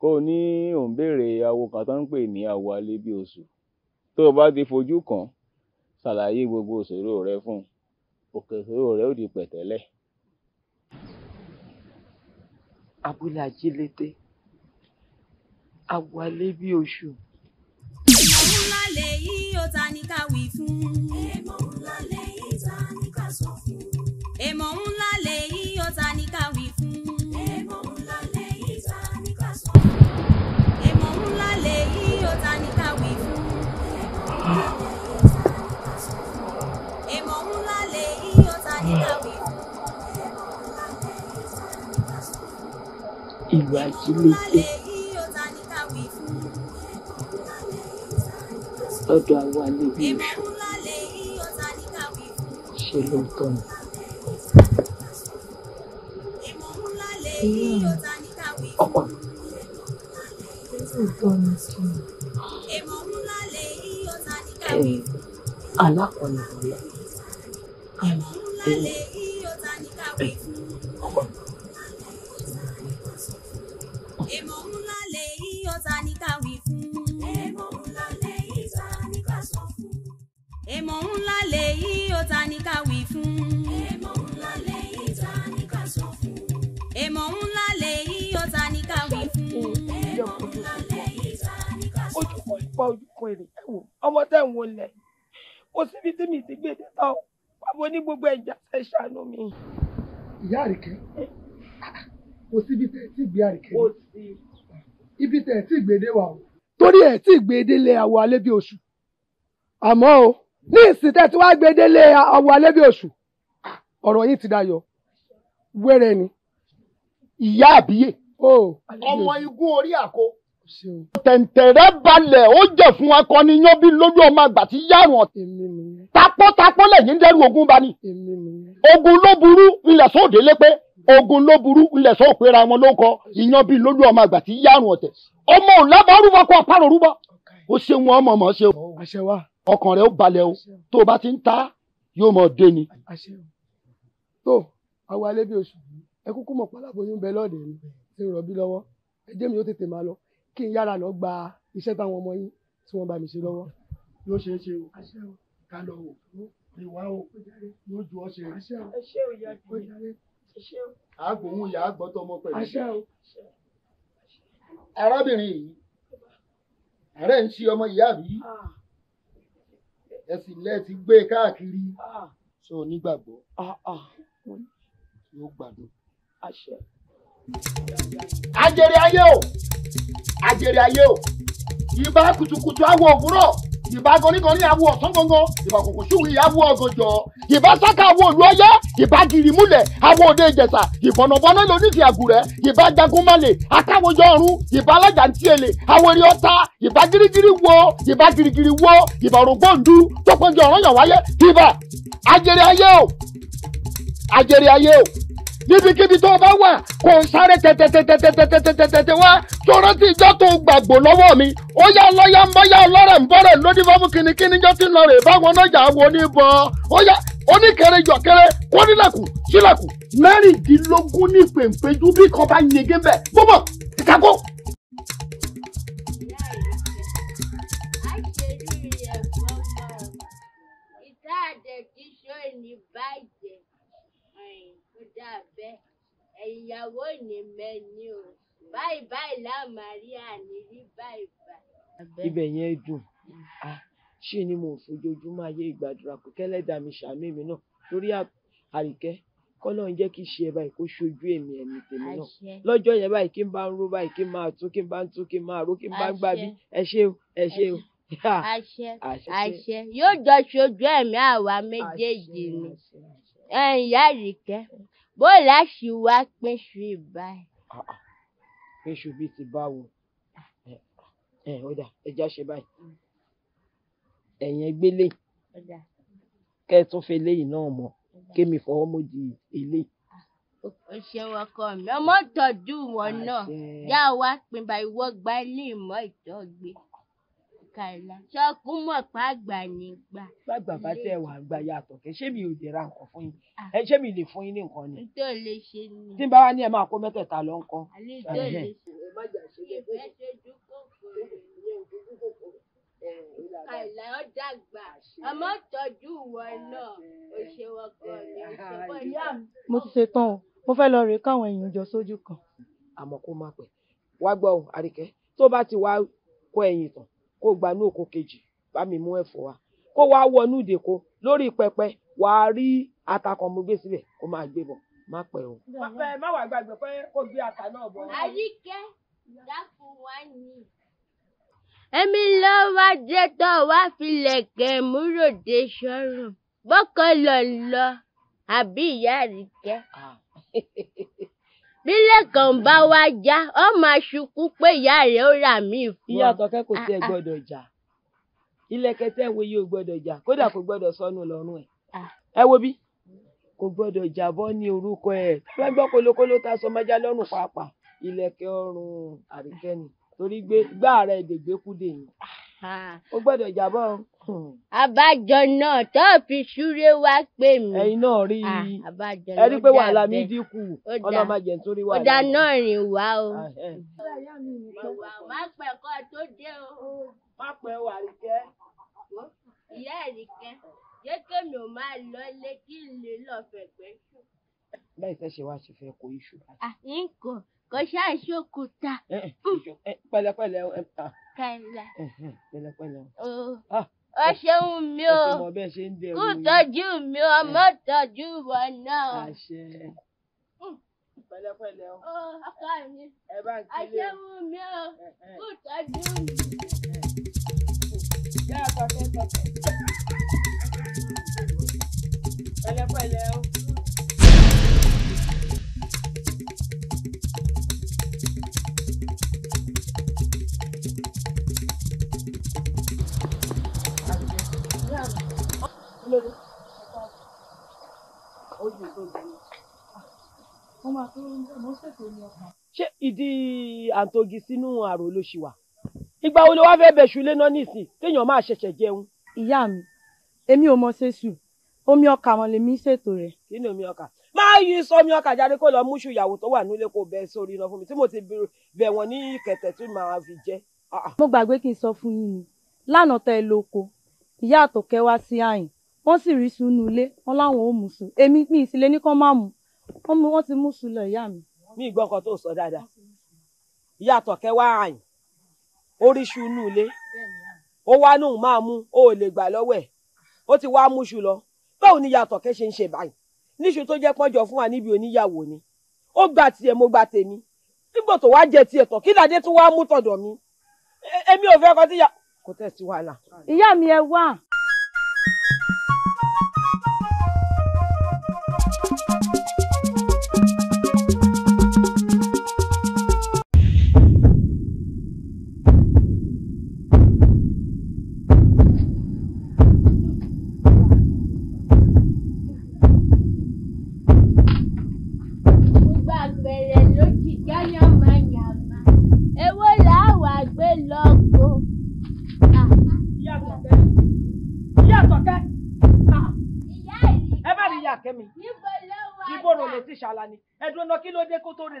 kó o ní òun béèrè awo kan tó ń pè ní awo alébi oṣù tó o bá ti fojú kàn ṣàlàyé gbogbo òṣòro rẹ fún un òkè òṣòro rẹ ó di pẹ̀tẹ́lẹ̀. abúlé ajílété àwálé bí oṣù. èèmọ̀ ńlá lèyí ó ta ní ká wí fún. èèmọ̀ ńlá lèyí ta ní ká sọ fún. èèmọ̀ ńlá lèyí ó ta ní ká wí fún. èèmọ̀ ńlá lèyí ta ní ká sọ fún. èèmọ̀ ńlá lèyí ó ta ní ká wí fún. èèmọ̀ ńlá lèyí ta ní ká sọ fún. èèmọ̀ ńlá lèyí ó ta ní ká wí fún. ìlú ajílẹ̀ tẹ́. lọ́dọ̀ àwa níbi ìṣó ṣe lóòótọ́ ni. ọ̀pọ̀ lóòótọ́ ni kí ni alákọ̀ọ́nà ọ̀la. lèyí ó ta ní ká wí fún. èèmọ̀ ńlá lèyí ta ní ká sọ fún. èèmọ̀ ńlá lèyí ó ta ní ká wí fún. èèmọ̀ ńlá lèyí ta ní ká sọ fún. ojúkọ ìpa ojúkọ èrè ẹ wò ọmọ tẹ ń wọlé kò síbi tí mi ti gbé dẹ́ta o pàbó ní gbogbo ẹ̀já fẹ́ ṣàánú mi. ìyá àríkẹ́ kò síbi tẹ̀ tí gbé àríkẹ́ ibi tẹ̀ tí gbé dé wà o torí ẹ̀ tí gbé délé àwọ̀ alẹ́ bí oṣù àmọ́ o ní ìsìn tẹ́tí wá gbedele ọwọ́ alẹ́ bí oṣù ah, ọ̀rọ̀ yìí ti dayọ̀ wẹ́rẹ́ ni ìyá àbíyè. ọmọ igun orí àkó. tẹ̀ǹtẹ̀rẹ́ balẹ̀ ó jẹ́ fún akọni yánbí lójú ọmọ àgbà tí yàrùn ọ̀tẹ̀. tapọ́tapọ́ lẹ́yìn dẹ́rù ogun bá ní. ogun ló burú ilẹ̀ sóde lépé ogun ló burú ilẹ̀ sọ òpera wọn ló kọ ìyánbí lójú ọmọ àgbà tí yàrùn ọ̀tẹ̀. ọmọ ò lábàá rúbọ kó àparò rúbọ. ó ṣe wọn ọmọ ọmọ ṣe. àṣẹ ọkàn rẹ ó balẹ̀ o tó o bá ti ń ta yóò mọ̀ dé ni. tó àwọn alẹ́bí oṣù ẹ kúkú mọ̀ pálábóyún bẹ lọ́ọ̀dẹ̀ mi ṣe rọ̀bí lọ́wọ́ ẹjẹ́ mi ó tètè máa lọ kí n yára lọ gba iṣẹ́ táwọn ọmọ yín tí wọ́n bá mi ṣe lọ́wọ́ ló ṣeé ṣe o ká lọ wò ìwà o yóò ju ọṣẹ rí. àgbòhun ìyá àgbọ̀tọ̀mọ pẹ̀lú. arábìnrin yìí àárẹ̀ ń ṣe ọmọ ìyá mi. Ah ẹ sì lẹ ti gbé e káàkiri ṣé ah. o nígbàgbọ́ ah, ah. yóò gbàdúrà. ajẹrẹ ayé o ajẹrẹ ayé o ìbá kùtùkùtù àwọ̀ òwúrọ̀ ìbá gọ́nigọ́ni awo ọ̀sán gangan ìbá kòkò ṣùwì awo ọ̀gànjọ́ ìbá sáka awo òlu ọyẹ́ ìbá gìrì múlẹ̀ awo òde ìjẹ̀ṣà ìbọ̀nàbọ̀nà lónìkì àgùrẹ́ ìbá jagunmalè akáwọjọ ọ̀run ìbá alájà ń tiẹ̀lé awori ọ̀tá ìbá girigiri wo ìbá girigiri wo ìbá òrògbòǹdu tó pẹ́jọ ọ̀rọ̀ yàn wáyé ìbá ajẹ́rẹ́ ayé o ajẹ́rẹ́ ayé o níbikíbi tó o bá wà kò ń sáré tẹ̀tẹ̀tẹ̀tẹ̀tẹ̀tẹ̀tẹ̀ wá tó rántí ìjọ tó gbàgbọ́ lọ́wọ́ mi ó yá ọlọ́yà ń bọ́ yá ọlọ́rẹ̀ ń bọ́rẹ̀ lódì fọ́ọ̀mù kìnnìkìnnì jọ ti lọ rè báwọn ọlọ́jà wo ní bọ́ ó yá oníkẹrẹ jọkẹrẹ kọ́nílẹ̀kùn sílẹ̀kùn mẹ́rìndínlógún ní pèǹpéjú bí kan bá yege bẹ́ẹ̀ bọ́bọ̀ ìkákó ìyàwó ní mẹ́ni o báyìí báyìí lámàríà nírí báyìí báyìí. ibẹ̀ yẹn dùn ṣì ni mo fojoojúmọ́ ayé ìgbàdúrà kó kẹ́lẹ́dà mi ṣàánú èmi náà lórí àríkẹ́ kọ́lọ́run jẹ́ kí ṣe ẹ báyìí kó ṣojú èmi ẹ̀mí tèmi náà lọ́jọ́ yẹn báyìí kí n bá ń ró báyìí kí n máa tún kí n bá ń tún kí n máa ró kí n bá ń gbá ẹ ṣe o ẹ ṣe o. àṣẹ àṣẹ yóò jọ ṣojú ẹ̀mí àwa méjèèjì ni ẹ̀yìn ìyá àríkẹ́ bó láṣì wá péṣù ìbáyìí. péṣù bíi ti báwo ẹ ọ̀dà ẹja ṣe báyìí ah, ah. mm. ẹ̀yìn ẹgbẹ́lẹ̀ kẹ́ ẹ tún fi eléyìí náà mọ̀ kémi fọwọ́ mojì eléyìí òṣèwọ ah, ọkọ mi ọmọ tọdú wọn náà yá wa pin bá ìwọ gba ilé ìmọ̀ ìtọgbẹ. Àkàlà ṣé kó mọ̀ pé àgbà nígbà. Bàgbà bá tẹ̀ wà àgbà yàtọ̀ kẹ́ ṣé mi ò lè ra nǹkan fún yín. Ah. Ẹ ṣé mi lè fún yín ní nǹkan ni. Ntọ́ lè ṣe ni. Tí n bá wá ní ẹ máa kó mẹ́tẹ̀ẹ̀ta lọ ń kọ́. Àlẹ́ lè ṣe. Ẹ má jà ṣe lẹ́gbẹ́. ìwọ náà. Òṣèwọ̀ kan ni òṣèwọ̀ ìyá Mo ti ṣe o. Mo fẹ́ lọ rèé káwọn èèyàn jọ sójú kan. Àmọ́ kó má pẹ́. Wá gbọ́ o, Àríkẹ́. Tó bá ti wá kó ẹyin tán kó gbanú oko kejì bá mi mú ẹ̀fọ́ wa kó wá wọnú ìdèkó lórí pẹpẹ wàá rí ata mo gbé síbẹ̀ kó máa gbé bọ̀ má pẹ́ o. ọ̀fẹ́ má wàá gbàgbé pé kó gbé ata náà bọ̀. àríkẹ́ dákun wá ní. èmi ló wá jẹ́ tó wá filẹ̀ kẹ́ múròde sọ́rùn bọ́kọ̀ lọ lọ àbí ìyá àríkẹ́. Ah. Bílé kan bá wá já, ó máa ṣukú pé ìyá rẹ̀ ó rà míì fún ọ. Ìyá àtọ̀kẹ́ kò ah, tiẹ̀ ah. gbọ́dọ̀ jà. Ilẹ̀kẹ̀ tẹ́ ń yìí ò gbọ́dọ̀ jà, kódà kò gbọ́dọ̀ sọnù lọ́rùn ẹ̀. Ah. Ẹ wo bí? Kò gbọ́dọ̀ jàbọ́ ní orúkọ kolokolo ta sọ pàápàá. ọrùn torí gbé gbá ara Ah. ó gbọ́dọ̀ jábọ́. àbájọ hmm. náà tó fi súré wá pè mí. ẹ̀yin náà rí i ah, ẹ rí i pé wàhálà mi dínkù ọlọ́run máa jẹ̀ nítorí wàhálà. ọ̀dà náà rìn wá o. Ah, eh. má pẹ́ kọ́ tó dé o. má pẹ́ wà àríkẹ́. ìyá àríkẹ́ jẹ́ kémi ò máa lọ lé kí n lè lọ fẹ̀gbẹ́ báyìí fẹ́ wá ṣe fẹ́ kó iṣu. à ń kò ṣáà ṣòkúta. Eh, eh, pẹ̀lẹ́pẹ̀lẹ́ ẹ ta kànlá. pẹ̀lẹ́pẹ̀lẹ́. ó ah, ṣeun mi o kú tọ́jú mi o ọmọ tọ́jú wọn náà. Hmm. pẹ̀lẹ́pẹ̀lẹ́ o. ọkọ mi àṣẹwù mi o kú tọ́jú mi. pẹ̀lẹ́pẹ̀lẹ́ o. lórí ṣé ìdí àǹtògì sínú àrò ló ṣì wà ìgbà wo ló wá fẹ́ẹ́ bẹ̀ṣù lé náà nísìn téèyàn máa ṣẹ̀ṣẹ̀ jẹun. ìyá mi èmi ò mọ ṣéṣù omi ọkà wọn lèmi ṣètò rẹ̀. kí ni omi ọkà máa yí sọ omi ọkà jáde kó lọ múṣù ìyàwó tó wà nílé kó bẹ sórí iná fún mi tí mo ti bẹ̀ wọ́n ní kẹ̀tẹ̀ tí màá fi jẹ. Ah, ah. mo gbàgbé kí n sọ fún yín ni lánàá tẹ ẹ lóko ìyá àtọkẹ wá sí àyìn wọ́n sì rí sùn nù ilé wọ́n láwọn ò mú sùn èmi mi ìsìlẹ ní kán má mú wọn mú wọn ti mú sùn lọ ìyá mi. mi ìgbọ́ nǹkan tó sọ dáadáa ìyá àtọ̀kẹ́ wá àyìn ó rí sùn nù ilé ó wá nóun máa mú ó lè gbà lọ́wọ́ ẹ̀ ó ti wá mú sùn lọ báwo ni ìyá àtọ̀kẹ́ ṣe ń ṣe báyìí níṣu tó jẹ́ pọ́njọ fún wa níbi oníyàwó ni ó gba tiẹ̀ mo gba tèmi nígbà tó wá jẹ tiẹ̀ tán kí ládé tó wá mú tọ̀dọ̀ mi èmi ò fẹ́ kọ́ tíyà kò tẹ̀ ìyá mi ẹ wá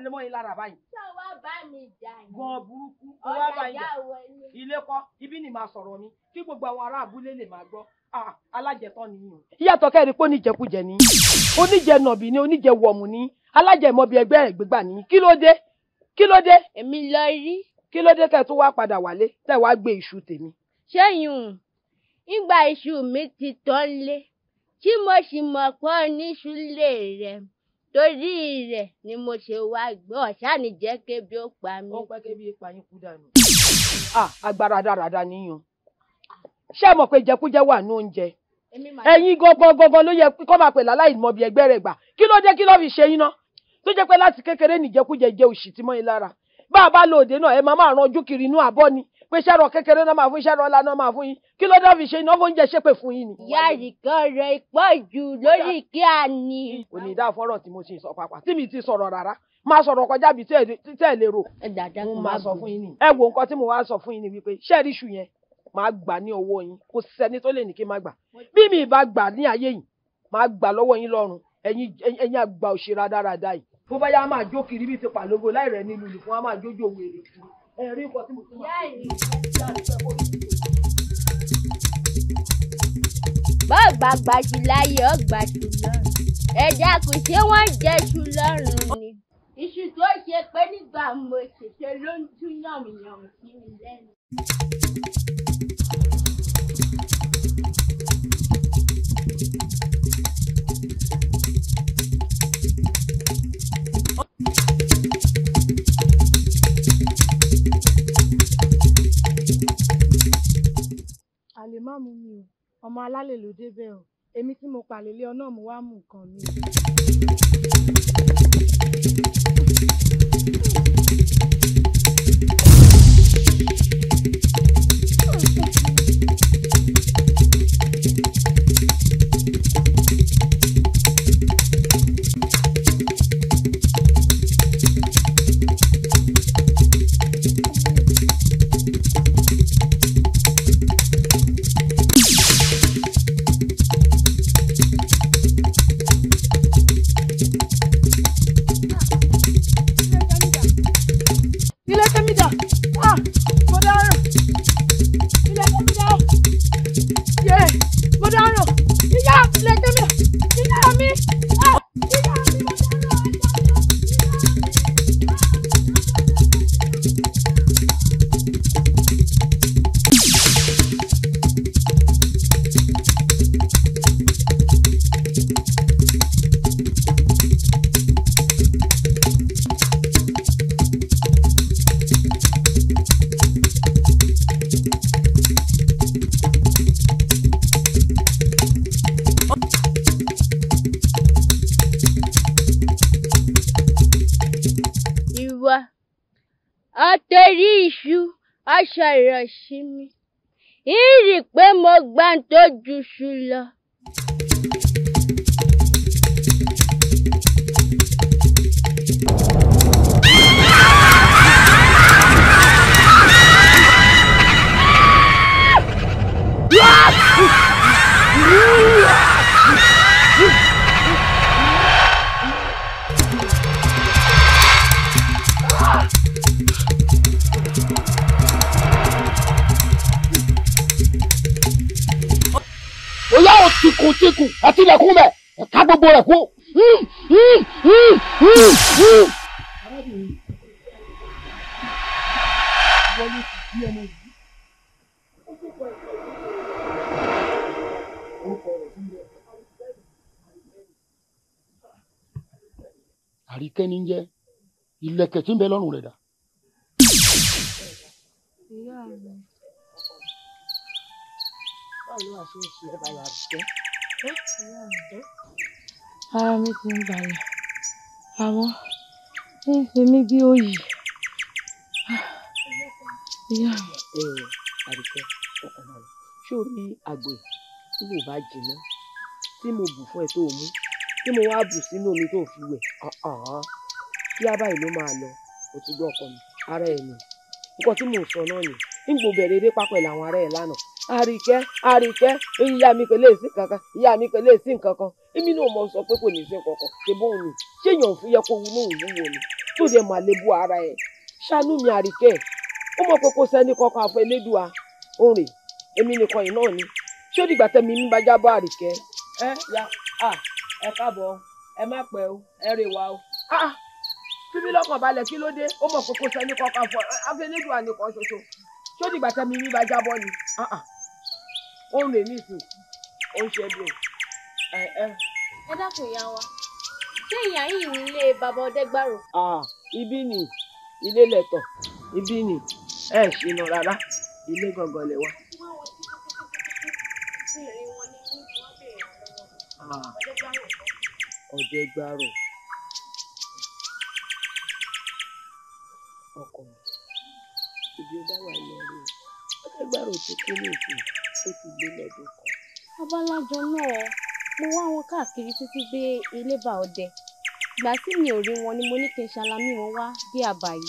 jáde lé mọ́ yín lára báyìí. ṣé wá bá mi jà yín. gan burúkú ó wá bá yín jà ilé kọ́ ibi ni màá sọ̀rọ̀ mi kí gbogbo àwọn ará abúlé lè máa gbọ́ ah, alájẹtọ́ ni yín o. ìyàtọ̀ kẹ́rin pé oníjẹkújẹ ni oníjẹ nọ̀bì ni oníjẹ wọ̀mù ni alájẹmọ́bi ẹgbẹ́ ẹ̀gbẹ́gbà ni kí ló dé kí ló dé. èmi lọ rí. kí ló dé tẹ́ tó wá padà wálé tẹ́ wá gbé iṣu tèmi. ṣẹ́yìn ìgbà iṣu mi ti tán lé tí mo sì mọ̀ pé oníṣu lè rẹ̀ torí rẹ ni mo ṣe wá igbe ọ̀sá ni jẹ́ o ó pa mí. ó pẹ́ kébi ipa yín kú dànù. agbára dáradára níyàn ṣé ẹ mọ̀ pé jẹkújẹ wà ní oúnjẹ ẹ̀yin gangan gangan ló yẹ kó máa pè láláì mọ bí ẹgbẹ́ rẹ̀ gbà kí ló a bá lo òde náà ẹ máa máa ranjú kiri inú ni pé sẹ́rọ̀ kékeré náà máa fún sẹ́rọ̀ ọ̀la náà máa fún yín kí ló dé fi ṣe iná fóúnjẹ ṣépè fún yín ni. ìyá ìkan rẹ pọ̀ jù lórí kí a ní. kò ní dá fọ́rọ̀ tí mo ti sọ pàpà tí mi ti sọ̀rọ̀ rárá máa sọ̀rọ̀ kọjá bí tẹ́ ẹ̀ lérò. ẹ máa sọ fún yín ni. ẹ wo nǹkan tí mo wá sọ fún yín ni wípé sẹ́ẹ̀rì ṣù máa gbà ní ọwọ́ yín kò sẹ́ni tó lè ní kí má mi ìbá gbà ní ayé yìí máa gbà lọ́wọ́ yín lọ́rùn ẹ̀yin àgbà òṣèré adáradá yìí bó bá yá máa jó kiri bíi ẹ̀rí nǹkan tí mo tún máa ń bọ́ọ̀gbà gbajù láyé ọgbà jù náà ẹ̀dá kò ṣe wọ́n jẹ́ jù lọ́rùn ni. iṣu tó ṣe pé nígbà mo ṣèṣe ló ń dún yànmùyànmù sí mi lẹ́nu. ọlọ́run mi o ọmọ alálè ló débẹ̀ o èmi tí mo pàlè lé ọ̀nà mo wá mú nǹkan mi. Thank you. sí mi ń rí i pé mo gba tó jù iṣu lọ ẹkùn tíkù àti ilẹ̀kùn mẹ́ ká gbogbo rẹ̀ kú. Hmm, hmm, hmm, àríkẹ́ ní jẹ́ ìlẹ̀kẹ̀ tí ń bẹ lọ́rùn rẹ̀ dà. ìyá ara mi ti ń balẹ̀ àmọ́ ń ṣe mí bí òòyì ah, ìyá mi. àdìsẹ́ ọkàn balẹ̀ ṣé o rí àgbẹ̀ tí mo bá jìnnà tí mo bù fún ẹ tó o mú tí mo wá bù sínú omi tó o fi wẹ̀ kí á báyìí ló máa lọ o ti gbọ́ ọkọ mi ara ẹ̀ nì nǹkan tí mò sọ náà nì ń gbò bẹ̀rẹ̀ eré pápẹ́ làwọn ará ẹ̀ lánàá àríkẹ́ àríkẹ́ ìyá mi kò lè sí kankan ìyá mi kò lè sí nkankan èmi náà mọ̀ sọ pé kò ní sí kankan ṣe bóun ni fi yẹ kó wu tó dẹ̀ mà lébu ara ẹ̀ ṣàánú mi àríkẹ́ ó mọ̀ pé kò sẹ́ni kankan àfọ elédùá òrìn èmi nìkan yìí náà ni ṣé ó dìgbà tẹ́mi mi bá jábọ̀ àríkẹ́ ẹ ya a ẹ káàbọ̀ ẹ má pẹ́ o ẹ rè wá o fífi lọ́kàn balẹ̀ kí ló dé ó lè ní ìsìn ó ń ṣe bí ẹ ẹ. ẹ dákun ìyá wa ṣé ìyá yìí ní ilé bàbá ọdẹgbàrò. ibi ni ilé lẹ̀tọ̀ ibi ni ẹ ṣìnà rárá ilé gangan lẹ wá. ọdẹgbàrò ọkọ ibi ó wà ní ẹrú ọdẹgbàrò ti kú ní ìsìn sójú ilé lọ́dún kan. abálájọ náà mo wá wọn káàkiri títí dé ilébà ọdẹ ìgbà tí mi ò rí wọn ni mo ní kí n ṣalamí wọn wá dé àbàyè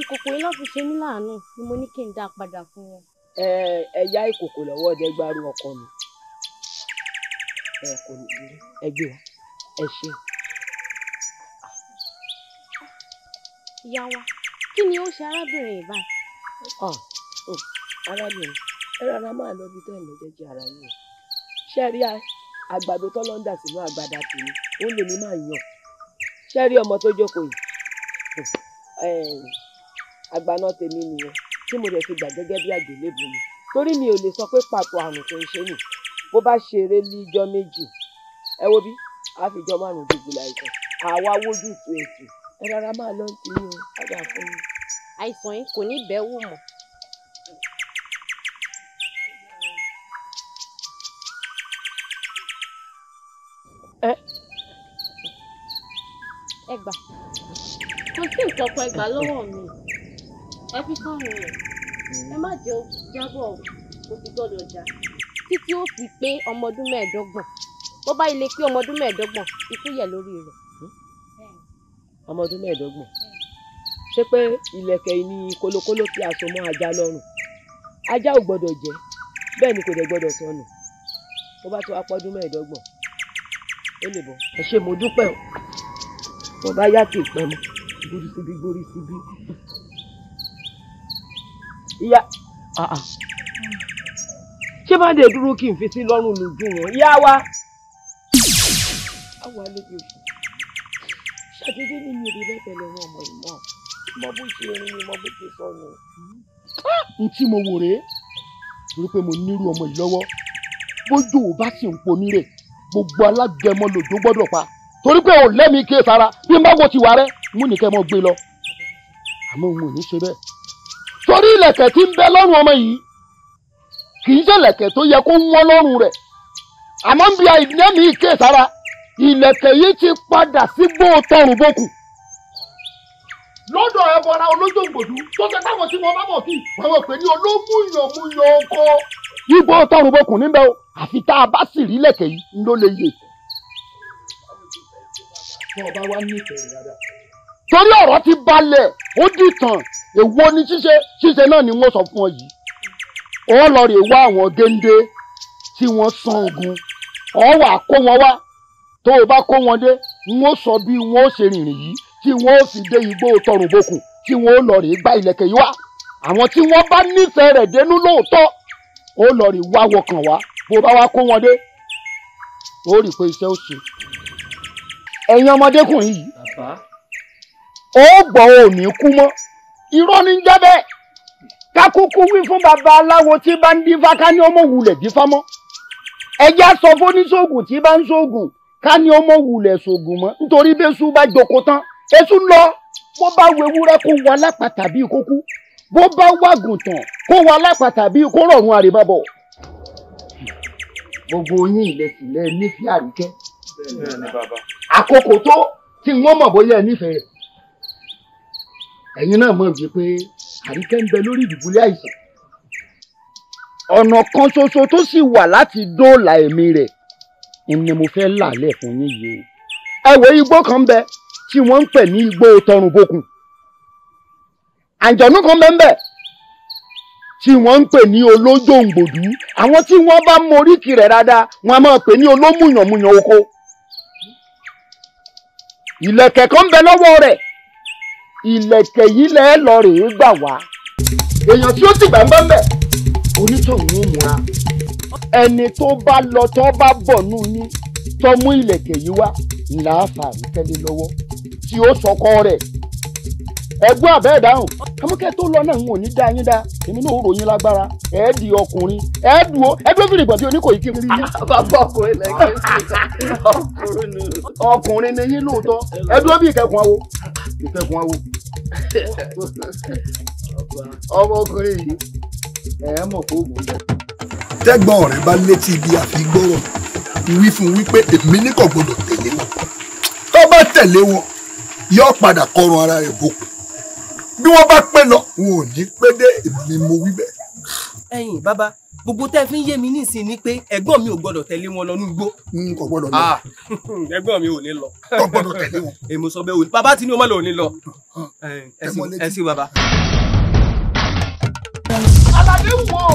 ìkòkò iná fi ṣe mí láàánú ni mo ní kí n dá padà fún wọn. ẹ ẹ yá ìkòkò lọ́wọ́ ọdẹ gbárù ọkọ mi ẹ wa ẹ ṣe. ìyá wa kí ni ó ṣe arábìnrin yìí báyìí. Ah, oh, arábìnrin ẹ rárá máa lọ bí tẹ́ ẹ̀ lọ jẹ́jẹ́ ara yín ṣé ẹ rí àgbàdo tọ́lọ́ ń dà sínú àgbàdà tèmi ó lè mí máa yàn ṣé ọmọ tó jókòó yìí àgbàna tèmi nìyẹn tí mo rẹ̀ fi gbà gẹ́gẹ́ bí àgbélébùú mi torí mi ò lè sọ pé pàtó àrùn tó ń ṣe nì bó bá ṣeré líjọ́ méjì ẹ wo bí a fi jọ márùn dùgbùlà ìtàn àwa wójú ètò ètò ẹ rárá máa lọ sí i ó fún mi. àìsàn yìí kò ní bẹ́ẹ̀ wò mọ́. ẹgbà kò sí nǹkan kan ẹgbà lọ́wọ́ mi ẹ fi fáwọn rẹ̀ ẹ má jẹ́ jábọ̀ kò fi gbọ́dọ̀ já títí ó fi pé ọmọ ọdún mẹ́ẹ̀ẹ́dọ́gbọ̀n bó bá ilé pé ọmọ ọdún mẹ́ẹ̀ẹ́dọ́gbọ̀n ikú yẹ̀ lórí rẹ̀. Hmm? ọmọ ọdún mẹ́ẹ̀ẹ́dọ́gbọ̀n ṣé pé ìlẹ̀kẹ̀ ni kólókóló fi aṣọ mọ́ ajá lọ́rùn ajá ò gbọ́dọ̀ jẹ bẹ́ẹ̀ ni kò dẹ̀ gbọ́dọ̀ sọnù bó bá tó apọ́dún mẹ́ẹ̀ẹ́dọ́gbọ̀n ó lè bọ̀ ẹ ṣé mo dúpẹ́ o tó bá yàtọ̀ ìpẹ́ mu gbórí síbí gbórí síbí. ìyá ṣé bá dé dúró kí n fi sí lọ́rùn lójú wọn yá wa. àwa lóde òkú ṣàdédé ní mi ò rí bẹ́tẹ̀ lọ́wọ́ ọmọ ìmọ̀ mọ bó ṣe rin ni mọ bó ṣe sọnù. Ah! n tí mo wò rèé torí pé mo nírú ọmọ yìí lọ́wọ́ bójú ò bá sì ń ponú rẹ̀ gbogbo alágẹmọ lòjó gbọ́dọ̀ pa torí pé ò lẹ́mi ké sara bí n bá wo tiwa rẹ mú nìkẹ́ mọ́ gbé lọ àmọ́ òun ò ní ṣe bẹ́ẹ̀ torí ìlẹ̀kẹ̀ tí ń bẹ lọ́rùn ọmọ yìí kì ṣe ìlẹ̀kẹ̀ tó yẹ kó wọ́n lọ́rùn rẹ̀ àmọ́ bí i lẹ́mi ké sara ìlẹ̀kẹ̀ yìí ti padà sí bó tọrùn bókù lọ́dọ̀ ẹbọra olójòǹgbòdú tó ṣe táwọn tí wọ́n bá bọ̀ sí wọ́n wọ́n pè ní olómúyànmúyàn ọkọ. ibo tọrùn bókù níbẹ̀ o àfi tá a bá sì rí lẹ̀kẹ̀ tó torí ọ̀rọ̀ ti balẹ̀ ó dìtàn èwo ni ṣíṣe ṣíṣe náà ni wọ́n sọ fún ọ yìí ó lọ rè wá àwọn géńdé tí wọ́n san ogun ọ̀ wà kó wọn wá tó o bá kó wọn dé wọ́n sọ bí wọ́n ṣe rìnrìn yìí tí wọ́n fi dé igbó tọrùn bòkùn tí wọ́n lọ rè gbá ilẹ̀kẹ̀ yìí wá àwọn tí wọ́n bá nífẹ̀ẹ́ rẹ̀ dénú lóòótọ́ ó lọ rè wá wọkàn wá bó bá wá kó wọn dé ó rí i pé iṣẹ́ ó ṣe. ẹ̀yin ọmọdékùnrin yìí ó gbọ́ òní kú mọ́ irọ́ ní jẹ́ bẹ́ẹ̀ ka wí fún baba aláwo tí bá ń dífá ní ọmọ wulẹ̀ dífá mọ́ ẹja sọ fóníṣòògùn tí bá ń ṣòògùn ká ní ọmọ wulẹ̀ ṣòògùn mọ́ nítorí bẹ́sù bá tán lọ bó bá wo ewúrẹ́ kó wọ bó bá kó wọ àrèbábọ̀. gbogbo yín ilẹ̀ sílẹ̀ nífẹ̀ẹ́ àríkẹ́ àkókò tó tí wọ́n mọ̀ bóyá ẹ nífẹ̀ẹ́ rẹ̀ ẹ̀yin náà mọ̀ wípé àríkẹ́ ń bẹ lórí ìdìbúlẹ̀ àìsàn ọ̀nà kan ṣoṣo tó sì wà láti dóòlà ẹ̀mí rẹ̀ ni mo fẹ́ là lẹ́fún yín yìí ẹ wo igbó kan bẹ tí wọ́n ń pè ní igbó tọrùnbókun àǹjọ̀nú kan bẹ ń bẹ tí wọ́n ń pè ní olójó àwọn tí wọ́n bá mọ oríkì rẹ̀ dáadáa wọ́n á máa pè ní olómùyànmùyàn oko ìlẹ̀kẹ̀ kan bẹ lọ́wọ́ rẹ̀ ìlẹ̀kẹ̀ yìí lẹ́ lọ rèé gbà wá èèyàn tí ó ti gbà ń bá ń bẹ̀ onítọ̀hún ó múra ẹni tó bá lọ tó bá bọ̀ nù yín tó ìlẹ̀kẹ̀ yìí wá ńlá fà tẹ́lẹ̀ lọ́wọ́ tí ó sọkọ rẹ̀ ẹgbọ́n àbẹ́ ìdáhùn amúkẹ́ tó lọ náà ń wò ní dá yín dá èmi náà ròyìn lágbára ẹ di ọkùnrin ẹ dùn ó ẹgbẹ́ fìrì gbọ̀dí oníkò yìí kí n rí yín. Ah, bàbá ọkùnrin lẹ kí n sì ká ọkùnrin ni. ọkùnrin ni yín lóòótọ́ ẹ dúró bí ìkẹkùn awo ìkẹkùn awo. ọmọkùnrin yìí ẹ mọ̀ kó mọ̀ bẹ́ẹ̀. tẹ́gbọ́n rẹ̀ bá létí ibi àfi gbọ́rọ̀ wí fún wípé èmi ní kò gbọdọ̀ tẹ̀lé wọn tó bá tẹ̀lé wọn yóò padà kọrun ara rẹ̀ bókun bí wọ́n bá pẹ́ lọ wọn ò ní pẹ́ dé èmi mo wí bẹ́ẹ̀. ẹ̀yin bàbá gbogbo tẹ́ fi ń yé mi nísìnyí ni pé ẹ̀gbọ́n mi ò gbọ́dọ̀ tẹ̀lé wọn lọ ní igbó. n kò gbọ́dọ̀ lọ. Ah, ẹ̀gbọ́n mi ò ní lọ. kò gbọ́dọ̀ tẹ̀lé wọn. èmi sọ bẹ́ẹ̀ o bàbá tí ni o má lọ ò ní lọ. ẹ sí bàbá aládé wùwò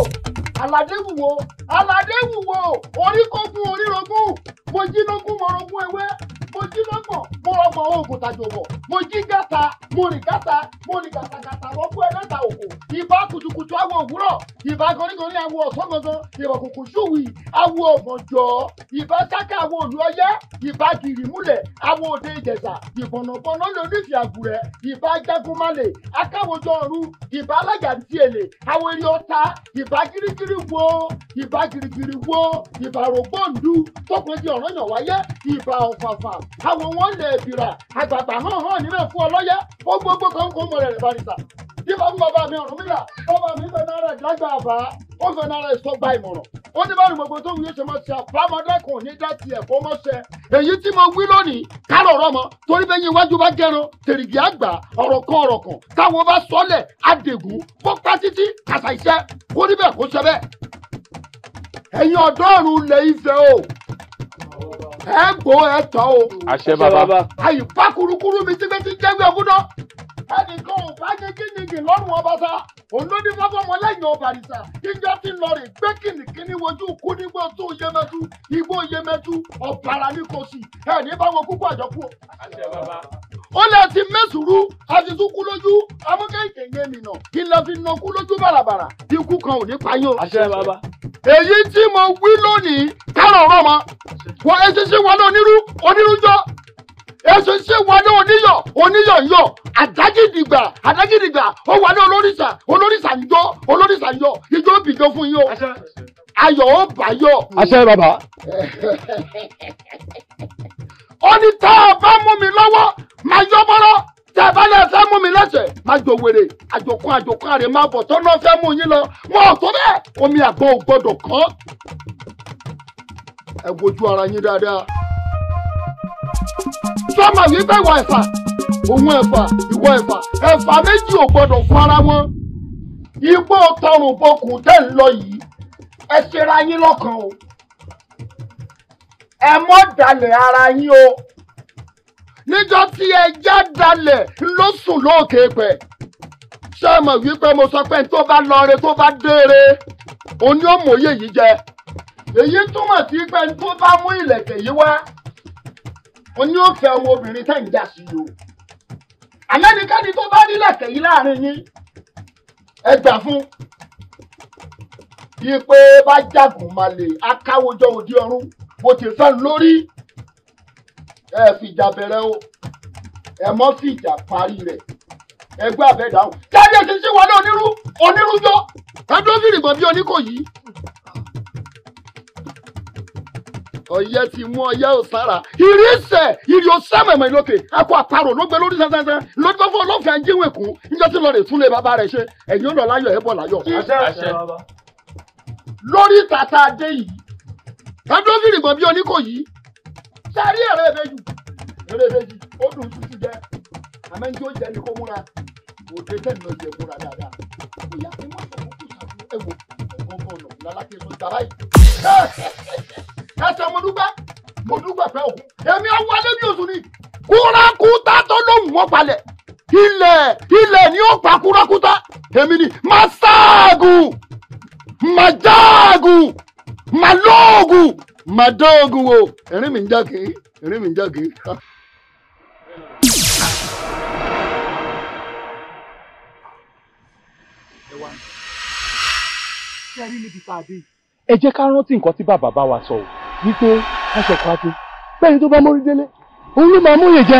aládé wùwò aládé wùwò orí kókún orí rogún mo jí lógún mo rogún ewé mo jí lọ́gbọ̀n mo rọgbọ̀n oògùn tàjọ̀bọ̀ mo jí gàtà mo rìn gàtà mo rìn gàtàgàtà rọ́gbọ́n ẹlẹ́ta òkò ìbá kùtùkùtù àwọn òwúrọ̀ ìbá gọ́rígọ́rí àwọn ọ̀sán gangan ìbá kùkù ṣùwì àwọn ọ̀gànjọ́ ìbá sákà àwọn òlú ọyẹ́ ìbá gìrì múlẹ̀ àwọn òde ìjẹ̀sà ìbọ̀nàbọ̀nà lóríṣi àgùrẹ́ ìbá jagunmalè akáwojọ ọ̀run ìbá alájà ti èlè àwọn èrè ọ̀tá ìbá gírígírí wo ìbá gírígírí wo ìbá rògbòǹdù tókùnrin di ọ̀rọ̀ yàn wáyé ìbá ọ̀fàfà àwọn wọn lè bìrà àgbàgbà hàn hàn nínú ẹ̀fọ́ ọlọ́yẹ ó gbogbo kan kó mọ̀ rẹ̀ rẹ̀ bá nìta bí bá ń bọ̀ bá mi ọ̀rùn mi rà bá mi fẹ́ náírà ìdágbà àbá ó fẹ́ náírà ìsọgbà ìmọ̀ràn ó ní báyìí gbogbo tó wuyé ṣe máa ṣe àbámọ́dẹ́kùn ní dá tiẹ̀ kó mọ́ ṣe èyí tí mo wí lónìí kárọ̀ ọ̀rọ̀ mọ́ torí bẹ́ẹ̀ yín iwájú bá gẹran tèrìgì àgbà ọ̀rọ̀ kan ọ̀rọ̀ kan táwọn bá sọ́lẹ̀ àdègùn kó pa títí kàṣà iṣẹ́ kó níbẹ̀ kó ṣe bẹ́ẹ̀. ẹ̀yin ọ̀dọ́rùn lè ife o ẹ̀ gbọ́ ẹ̀ tọ́ o. àṣẹ bàbá. àyíká kurukuru mi ti gbé ti jẹ́gbẹ́ ẹnìkan ò bá ṣe kíndìnkìn lọ́rùn ọbaṣá olódì fọ́fọ́mọ lẹ́yìn ọbàrìṣà jíjọ́ tí ń lọ rè gbé kìnnìkìnnì wojú kú nígbó tó yemẹtu igbó yemẹtu ọ̀bàrà ní kò sí ẹ̀ní bá wọn kúkú àjọkú. ó lè ti mẹ́sùrú àtìtú kú lójú amúkẹ́kẹ́ yẹn nìyàn kí lè fi nà kú lójú bàràbàrà ikú kan ò ní pa yín o. èyí tí mo wí lónìí kárọ̀ ọ̀rọ̀ mọ́ wọ etí sí wọn lónírú onírújọ́ èso ṣe wàdé oníyọ̀ oníyọ̀ yọ̀ àdágìdìgbà àdágìdìgbà ó wàdé olórìṣà olórìṣà ń jọ olórìṣà ń yọ̀ ìjọ bìjọ fún yín o ayọ̀ ó bàyọ̀. àṣẹ bàbá. ó ní tá a bá mú mi lọ́wọ́ máa yọ bọ́rọ́ tẹ ẹ bá lẹ fẹ́ mú mi lẹ́sẹ̀ má jò wèrè àjòkun àjòkun àrè má bọ̀ tọ́nà fẹ́ mú yín lọ wọn ò tó bẹ́ẹ̀ omi àgbọn ò gbọdọ̀ kán ẹ wojú ara yín dáadáa sọ́mà wípé ìwà ẹ̀fà òun ẹ̀fà ìwà ẹ̀fà ẹ̀fà méjì ò gbọ́dọ̀ fún ara wọn igbó tọrùn bokùn tẹ̀ ń lọ yìí ẹ ṣera yín lọ́kàn o ẹ mọ́ dalẹ̀ ara yín o níjọ́ tí ẹ já dalẹ̀ ló sùn lóòkè pẹ̀ ṣé ẹ mọ̀ wípé mo sọ pé tó bá lọ́ọ́re tó bá déere òun ni ó mòye yìí jẹ èyí túmọ̀ sí pé tó bá mú ìlẹ̀kẹ̀ yìí wá mo ní ó fẹ́ àwọn obìnrin tẹ̀ ń jà sí i o àmẹ́nikẹ́ni tó bá nílẹ̀kẹ̀ yìí láàrin yín ẹ gbà fún yí pé bá jagun máa lè akáwójọ òdi ọ̀run bó ti sàn lórí ẹ fìjà bẹ̀rẹ̀ o ẹ mọ́ fìjà parí rẹ̀ ẹgbẹ́ àbẹ̀dáhùn jáde ti ṣíwọlé onírú onírújọ ẹ dúró fìrìgbọ̀n bí oníkòyí ọyẹ ti mú ọyẹ ò sára ìrísẹ ìrì òsàmẹmẹ lókè akọ àparò ló gbé lórí sẹsẹsẹ lọtọfọ olófin ajíwèé níjọ tí lọ rè túnlé bàbá rẹ ṣe ẹ̀yin ọlọ láyọ̀ ẹ bọ lórí tata adé yìí tàbí ó bí oníkò yìí sáré ẹrẹ ìbejì ẹrẹ ìbejì ó dùn tútù jẹ àmẹ́ńtí jẹ ní kó múra òde tẹ̀lé ló jẹ múra dáadáa ó yá ẹ má sọ̀rọ̀ kó sàbí ẹ̀wò ọ̀gbọ̀n ọ̀nà lálákè ẹsẹ̀ mo dúpẹ́ mo dúpẹ́ fẹ́ òkú èmi ọwọ́ bí oṣù ni kúrakúta tó lóhùn wọn palẹ̀ ilẹ̀ ilẹ̀ ni ó pa kúrakúta èmi ni máa ṣáàgùn máa jáàgùn máa lóògùn máa dóògùn o ẹ̀rín mi ń jà kìí ẹ̀rín mi ń jà kìí. ẹ jẹ́ ká rántí nǹkan tí bàbá bá wa sọ o wípé aṣọ pàtó bẹ́ẹ̀ tó bá mórí délé òun ló máa múyè jẹ.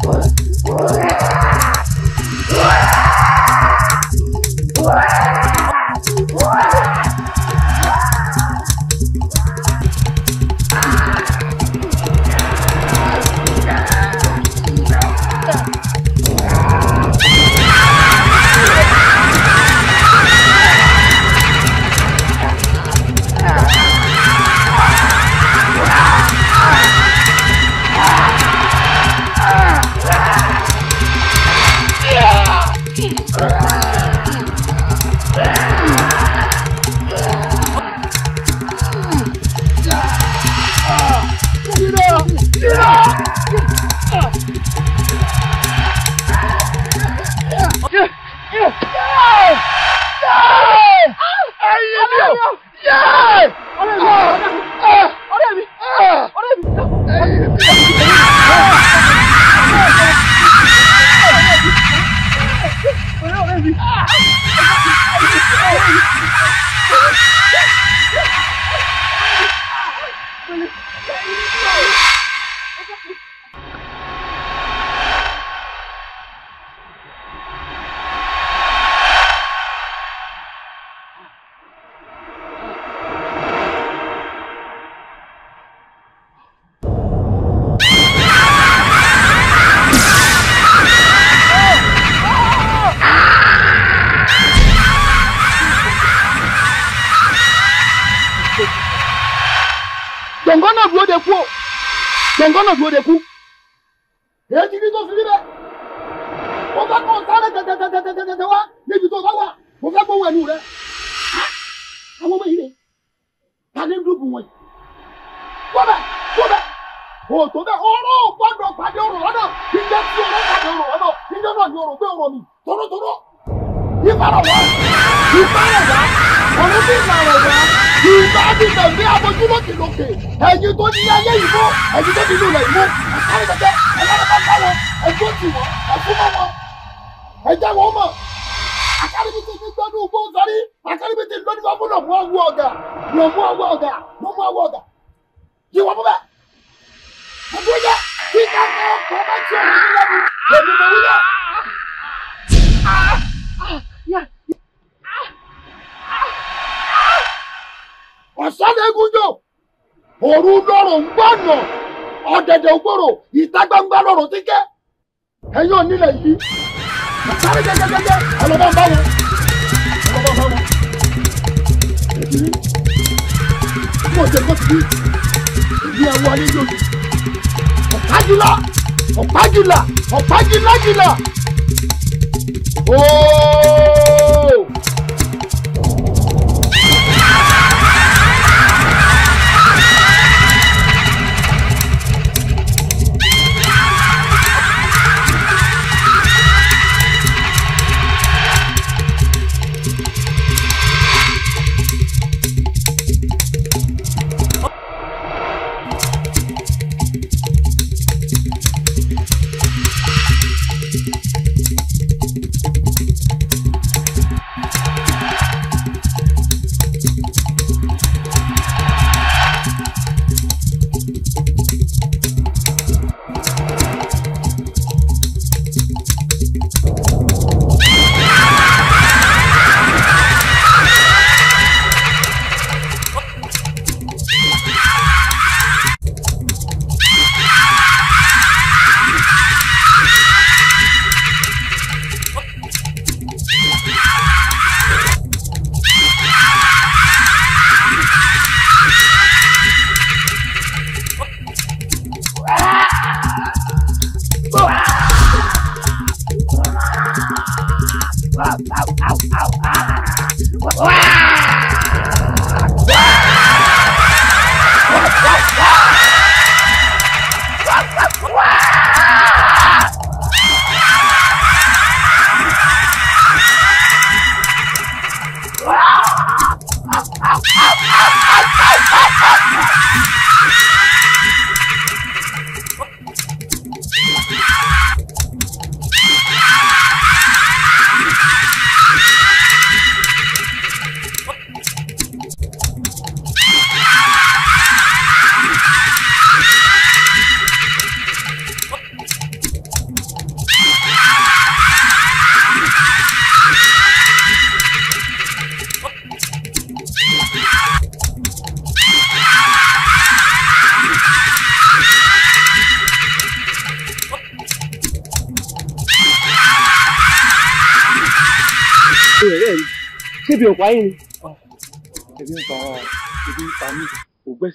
gbọ̀ngọ́ náà dúró de kú o gbọ̀ngọ́ náà dúró de kú. èyí ti tó fi rí bẹ́ẹ̀ mo fẹ́ kó sáré tẹ̀tẹ̀tẹ̀tẹ̀tẹ̀ wá níbi tó bá wà mo fẹ́ gbówó ẹnu rẹ. àwọn ọmọ yìí rè tani ń dùbù wọn yìí. tó bẹ́ẹ̀ tó bẹ́ẹ̀ o tó bẹ́ẹ̀ ọ̀rọ̀ gbọ́dọ̀ pàdé ọ̀rọ̀ lọ́dọ̀ ìjẹ́ tí ọ̀rọ̀ pàdé ọ̀rọ̀ lọ́dọ̀ ìjẹ́ náà ni ọ̀rọ̀ gbé ọ̀rọ̀ mi tọ́rọ́tọ́rọ́ ìfarahàn ìgbà bí tẹ̀lé abojú lókè lókè ẹ̀yin tó ní ayé yìí mú ẹ̀yin tó nínú rẹ̀ yìí mú ẹ̀sán ìgbẹ́jẹ́ ẹ̀lọ́dọ̀dọ̀ bá wọn ẹ̀jú òtì wọn ẹ̀fún mọ́ wọn ẹ̀jẹ̀ wọn mọ̀ akáribìtì ti gbọ́dọ̀ ugbó sọ́rí akáribìtì lónìí wọn mú lọ́mú ọwọ́ ọ̀gá lọ́mú ọwọ́ ọ̀gá lọ́mú ọwọ́ ọ̀gá yí wọn mú bẹ́ẹ̀ ẹ̀dùn yẹ kí káfíńkì ọkọ̀ bá tiẹ̀ mọ̀ wíyà. ọ̀sánlẹ́gúnjò òru lọ́rọ̀ ń gbọ́nà ọ̀dẹ̀dẹ̀ ògbòrò ìta gbangba lọ́rọ̀ ti kẹ́ ẹ̀yin ò nílẹ̀ yìí sáré jẹjẹjẹjẹ ọlọ́mọ bá wọn ọlọ́mọ bá wọn ẹ̀dìrí ọmọ òjò kò sí ìdí ẹ̀wọ̀ ayé yóò yìí ọ̀pájúlá ọ̀pájúlá ọ̀pájúlájúlá ooo.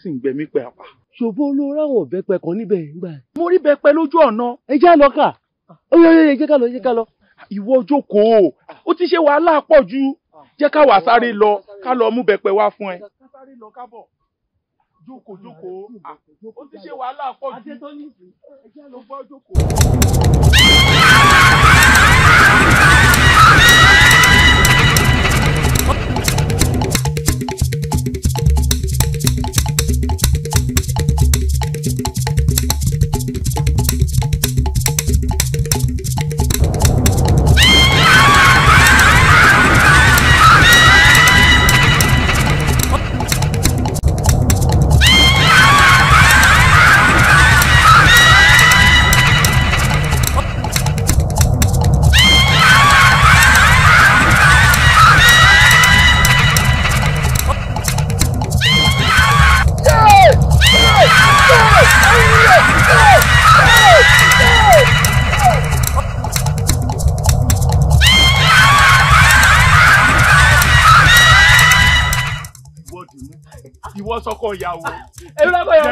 sì ń gbẹ mí pẹ́ àpá. ṣòbó ló ráwọn bẹ́pẹ kan níbẹ̀ ìgbà yẹn. mo rí bẹ́pẹ lójú ọ̀nà. ẹ jẹ́ lọ kà oyè jẹ́ ká lọ jẹ́ ká lọ. ìwọ jókòó ó ti ṣe wàhálà pọ̀ ju jẹ́ ká wàá sáré lọ ká lọ mú bẹ́pẹ wá fún ẹ. jókòó jókòó ó ti ṣe wàhálà pọ̀ ju.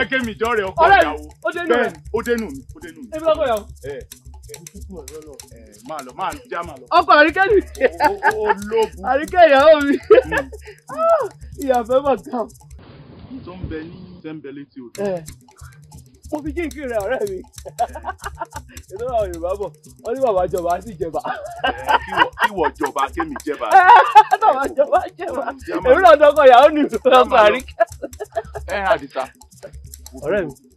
fẹ́ kémi dọ́rẹ̀ ọkọ ìyàwó bẹ́ẹ̀ ó dénú mi ó dénú mi. ebi ọkọ ìyàwó. máa lọ máa já máa lọ. ọkọ àríkẹ́ ni. olóògùn. àríkẹ́ ìyàwó mi. ìyàfẹ́ mà ga. tó ń bẹ ní tẹ́ńbẹ́lẹ́ tí o dé. mo fi jíǹkì rẹ ọ̀rẹ́ mi. ètò àwọn Yorùbá bọ̀ wọ́n ní bàbá jọba á sì jẹba. kíwọ̀ jọba kémi jẹba. bàbá jọba jẹba. èmi náà dọ́kọ̀ ìyàwó nìyí àríkẹ́. ẹ àdìsá ọ̀rẹ́ mi. Ìwọ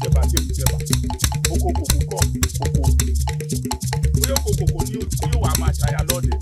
jẹba tí mo jẹba, kókó kókó kọ́, kókó. yóò wá máa ṣàyà lọ́dẹ.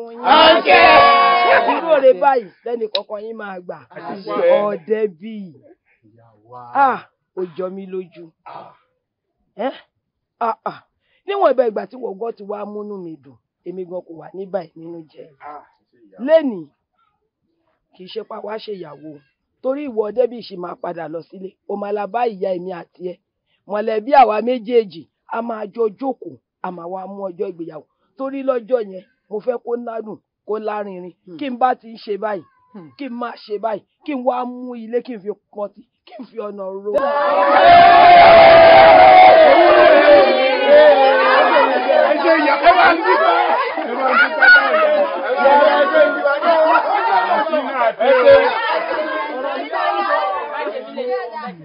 fún yín. ọ̀kẹ́. kúrò rè báyìí lẹ́nu kọ̀ọ̀kan yín máa gbà. ọ̀dẹ bíi ó jọ mí lójú. níwọ̀n ìbá ìgbà tí wọ̀gọ́ ti wá múnú mi dùn èmi gan kò wà ní báyìí nínú jẹ. lẹ́nìí kì í ṣe pa wá ṣèyàwó torí ìwọ ọdẹ́bí ṣì máa padà lọ sílé o máa la bá ìyá èmi àti ẹ mọ̀lẹ́bí àwa méjèèjì a máa jọ jókòó a máa wá mú ọjọ́ ìgbéyàwó torí lọ́jọ́ yẹn mo fẹ́ kó ládùn kó lárinrin hmm. kí n bá ti ń ṣe báyìí hmm. kí n máa ṣe báyìí kí n wá mú ilé kí n fi pọtì kí n fi ọ̀nà ro.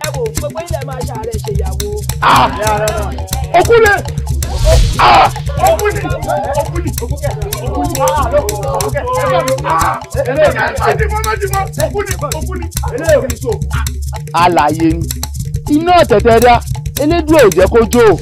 ẹ wo gbogbo ilẹ̀ máa ṣàárẹ̀ ṣèyàwó. Ah! okun alààyè ni iná tẹ̀tẹ̀ dá elédùn ò jẹ́ kó jó o.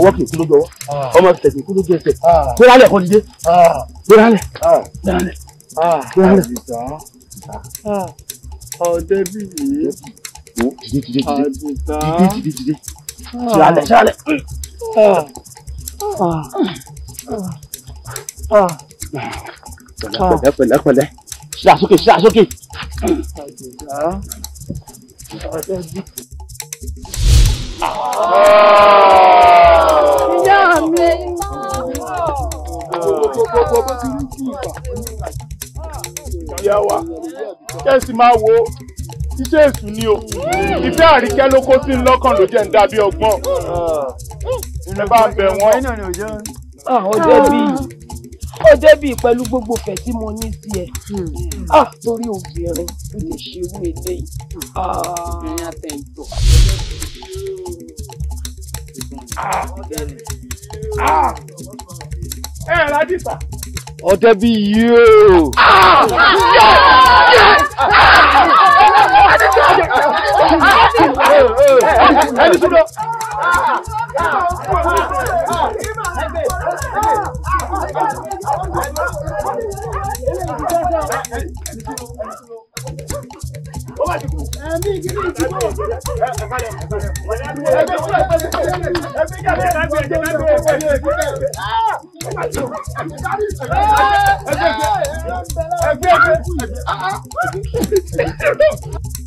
ọwọ́ kì í kú lójú ọwọ́ ah. ọmọ ẹsẹ̀ kì í kú lójú ẹsẹ̀ ah. gbéralẹ̀ kọ́ dìde gbéralẹ̀ gbéralẹ̀ gbéralẹ̀. ọdẹ bí yìí àdìsá ah. ṣàlẹ̀ ṣàlẹ̀. pẹ̀lẹ́ pẹ̀lẹ́ pẹ̀lẹ́ ṣíra sókè ṣíra sókè. àdìsá ọdẹ bí yìí. ìyá wa kẹ́sì máa wo iṣẹ́ èṣù ni o ìfẹ́ àríkẹ́ ló kó sí lọ́kàn ló jẹ́ ń dàbí ọgbọ́n ẹ bá bẹ̀ wọ́n. Ah, ó débi ó débi pẹ̀lú gbogbo ìfẹ́ tí mo ní sí ẹ ah, torí obìnrin ó lè ṣerú eléyìí. ìrìn àtẹ̀yìntò. Ah, ẹ ẹ ládìsá ọdẹ bí yìí o. ẹni tún lọ. Thank you ó bá ti kú. ẹ̀mí gidi ti kú. ẹgbẹ́ fún ẹgbẹ́ fún ẹgbẹ́ jáde lágbè ẹgbẹ́ lágbè ẹgbẹ́ ẹgbẹ́ ẹgbẹ́ ẹgbẹ́ ẹgbẹ́ ẹgbẹ́ ẹgbẹ́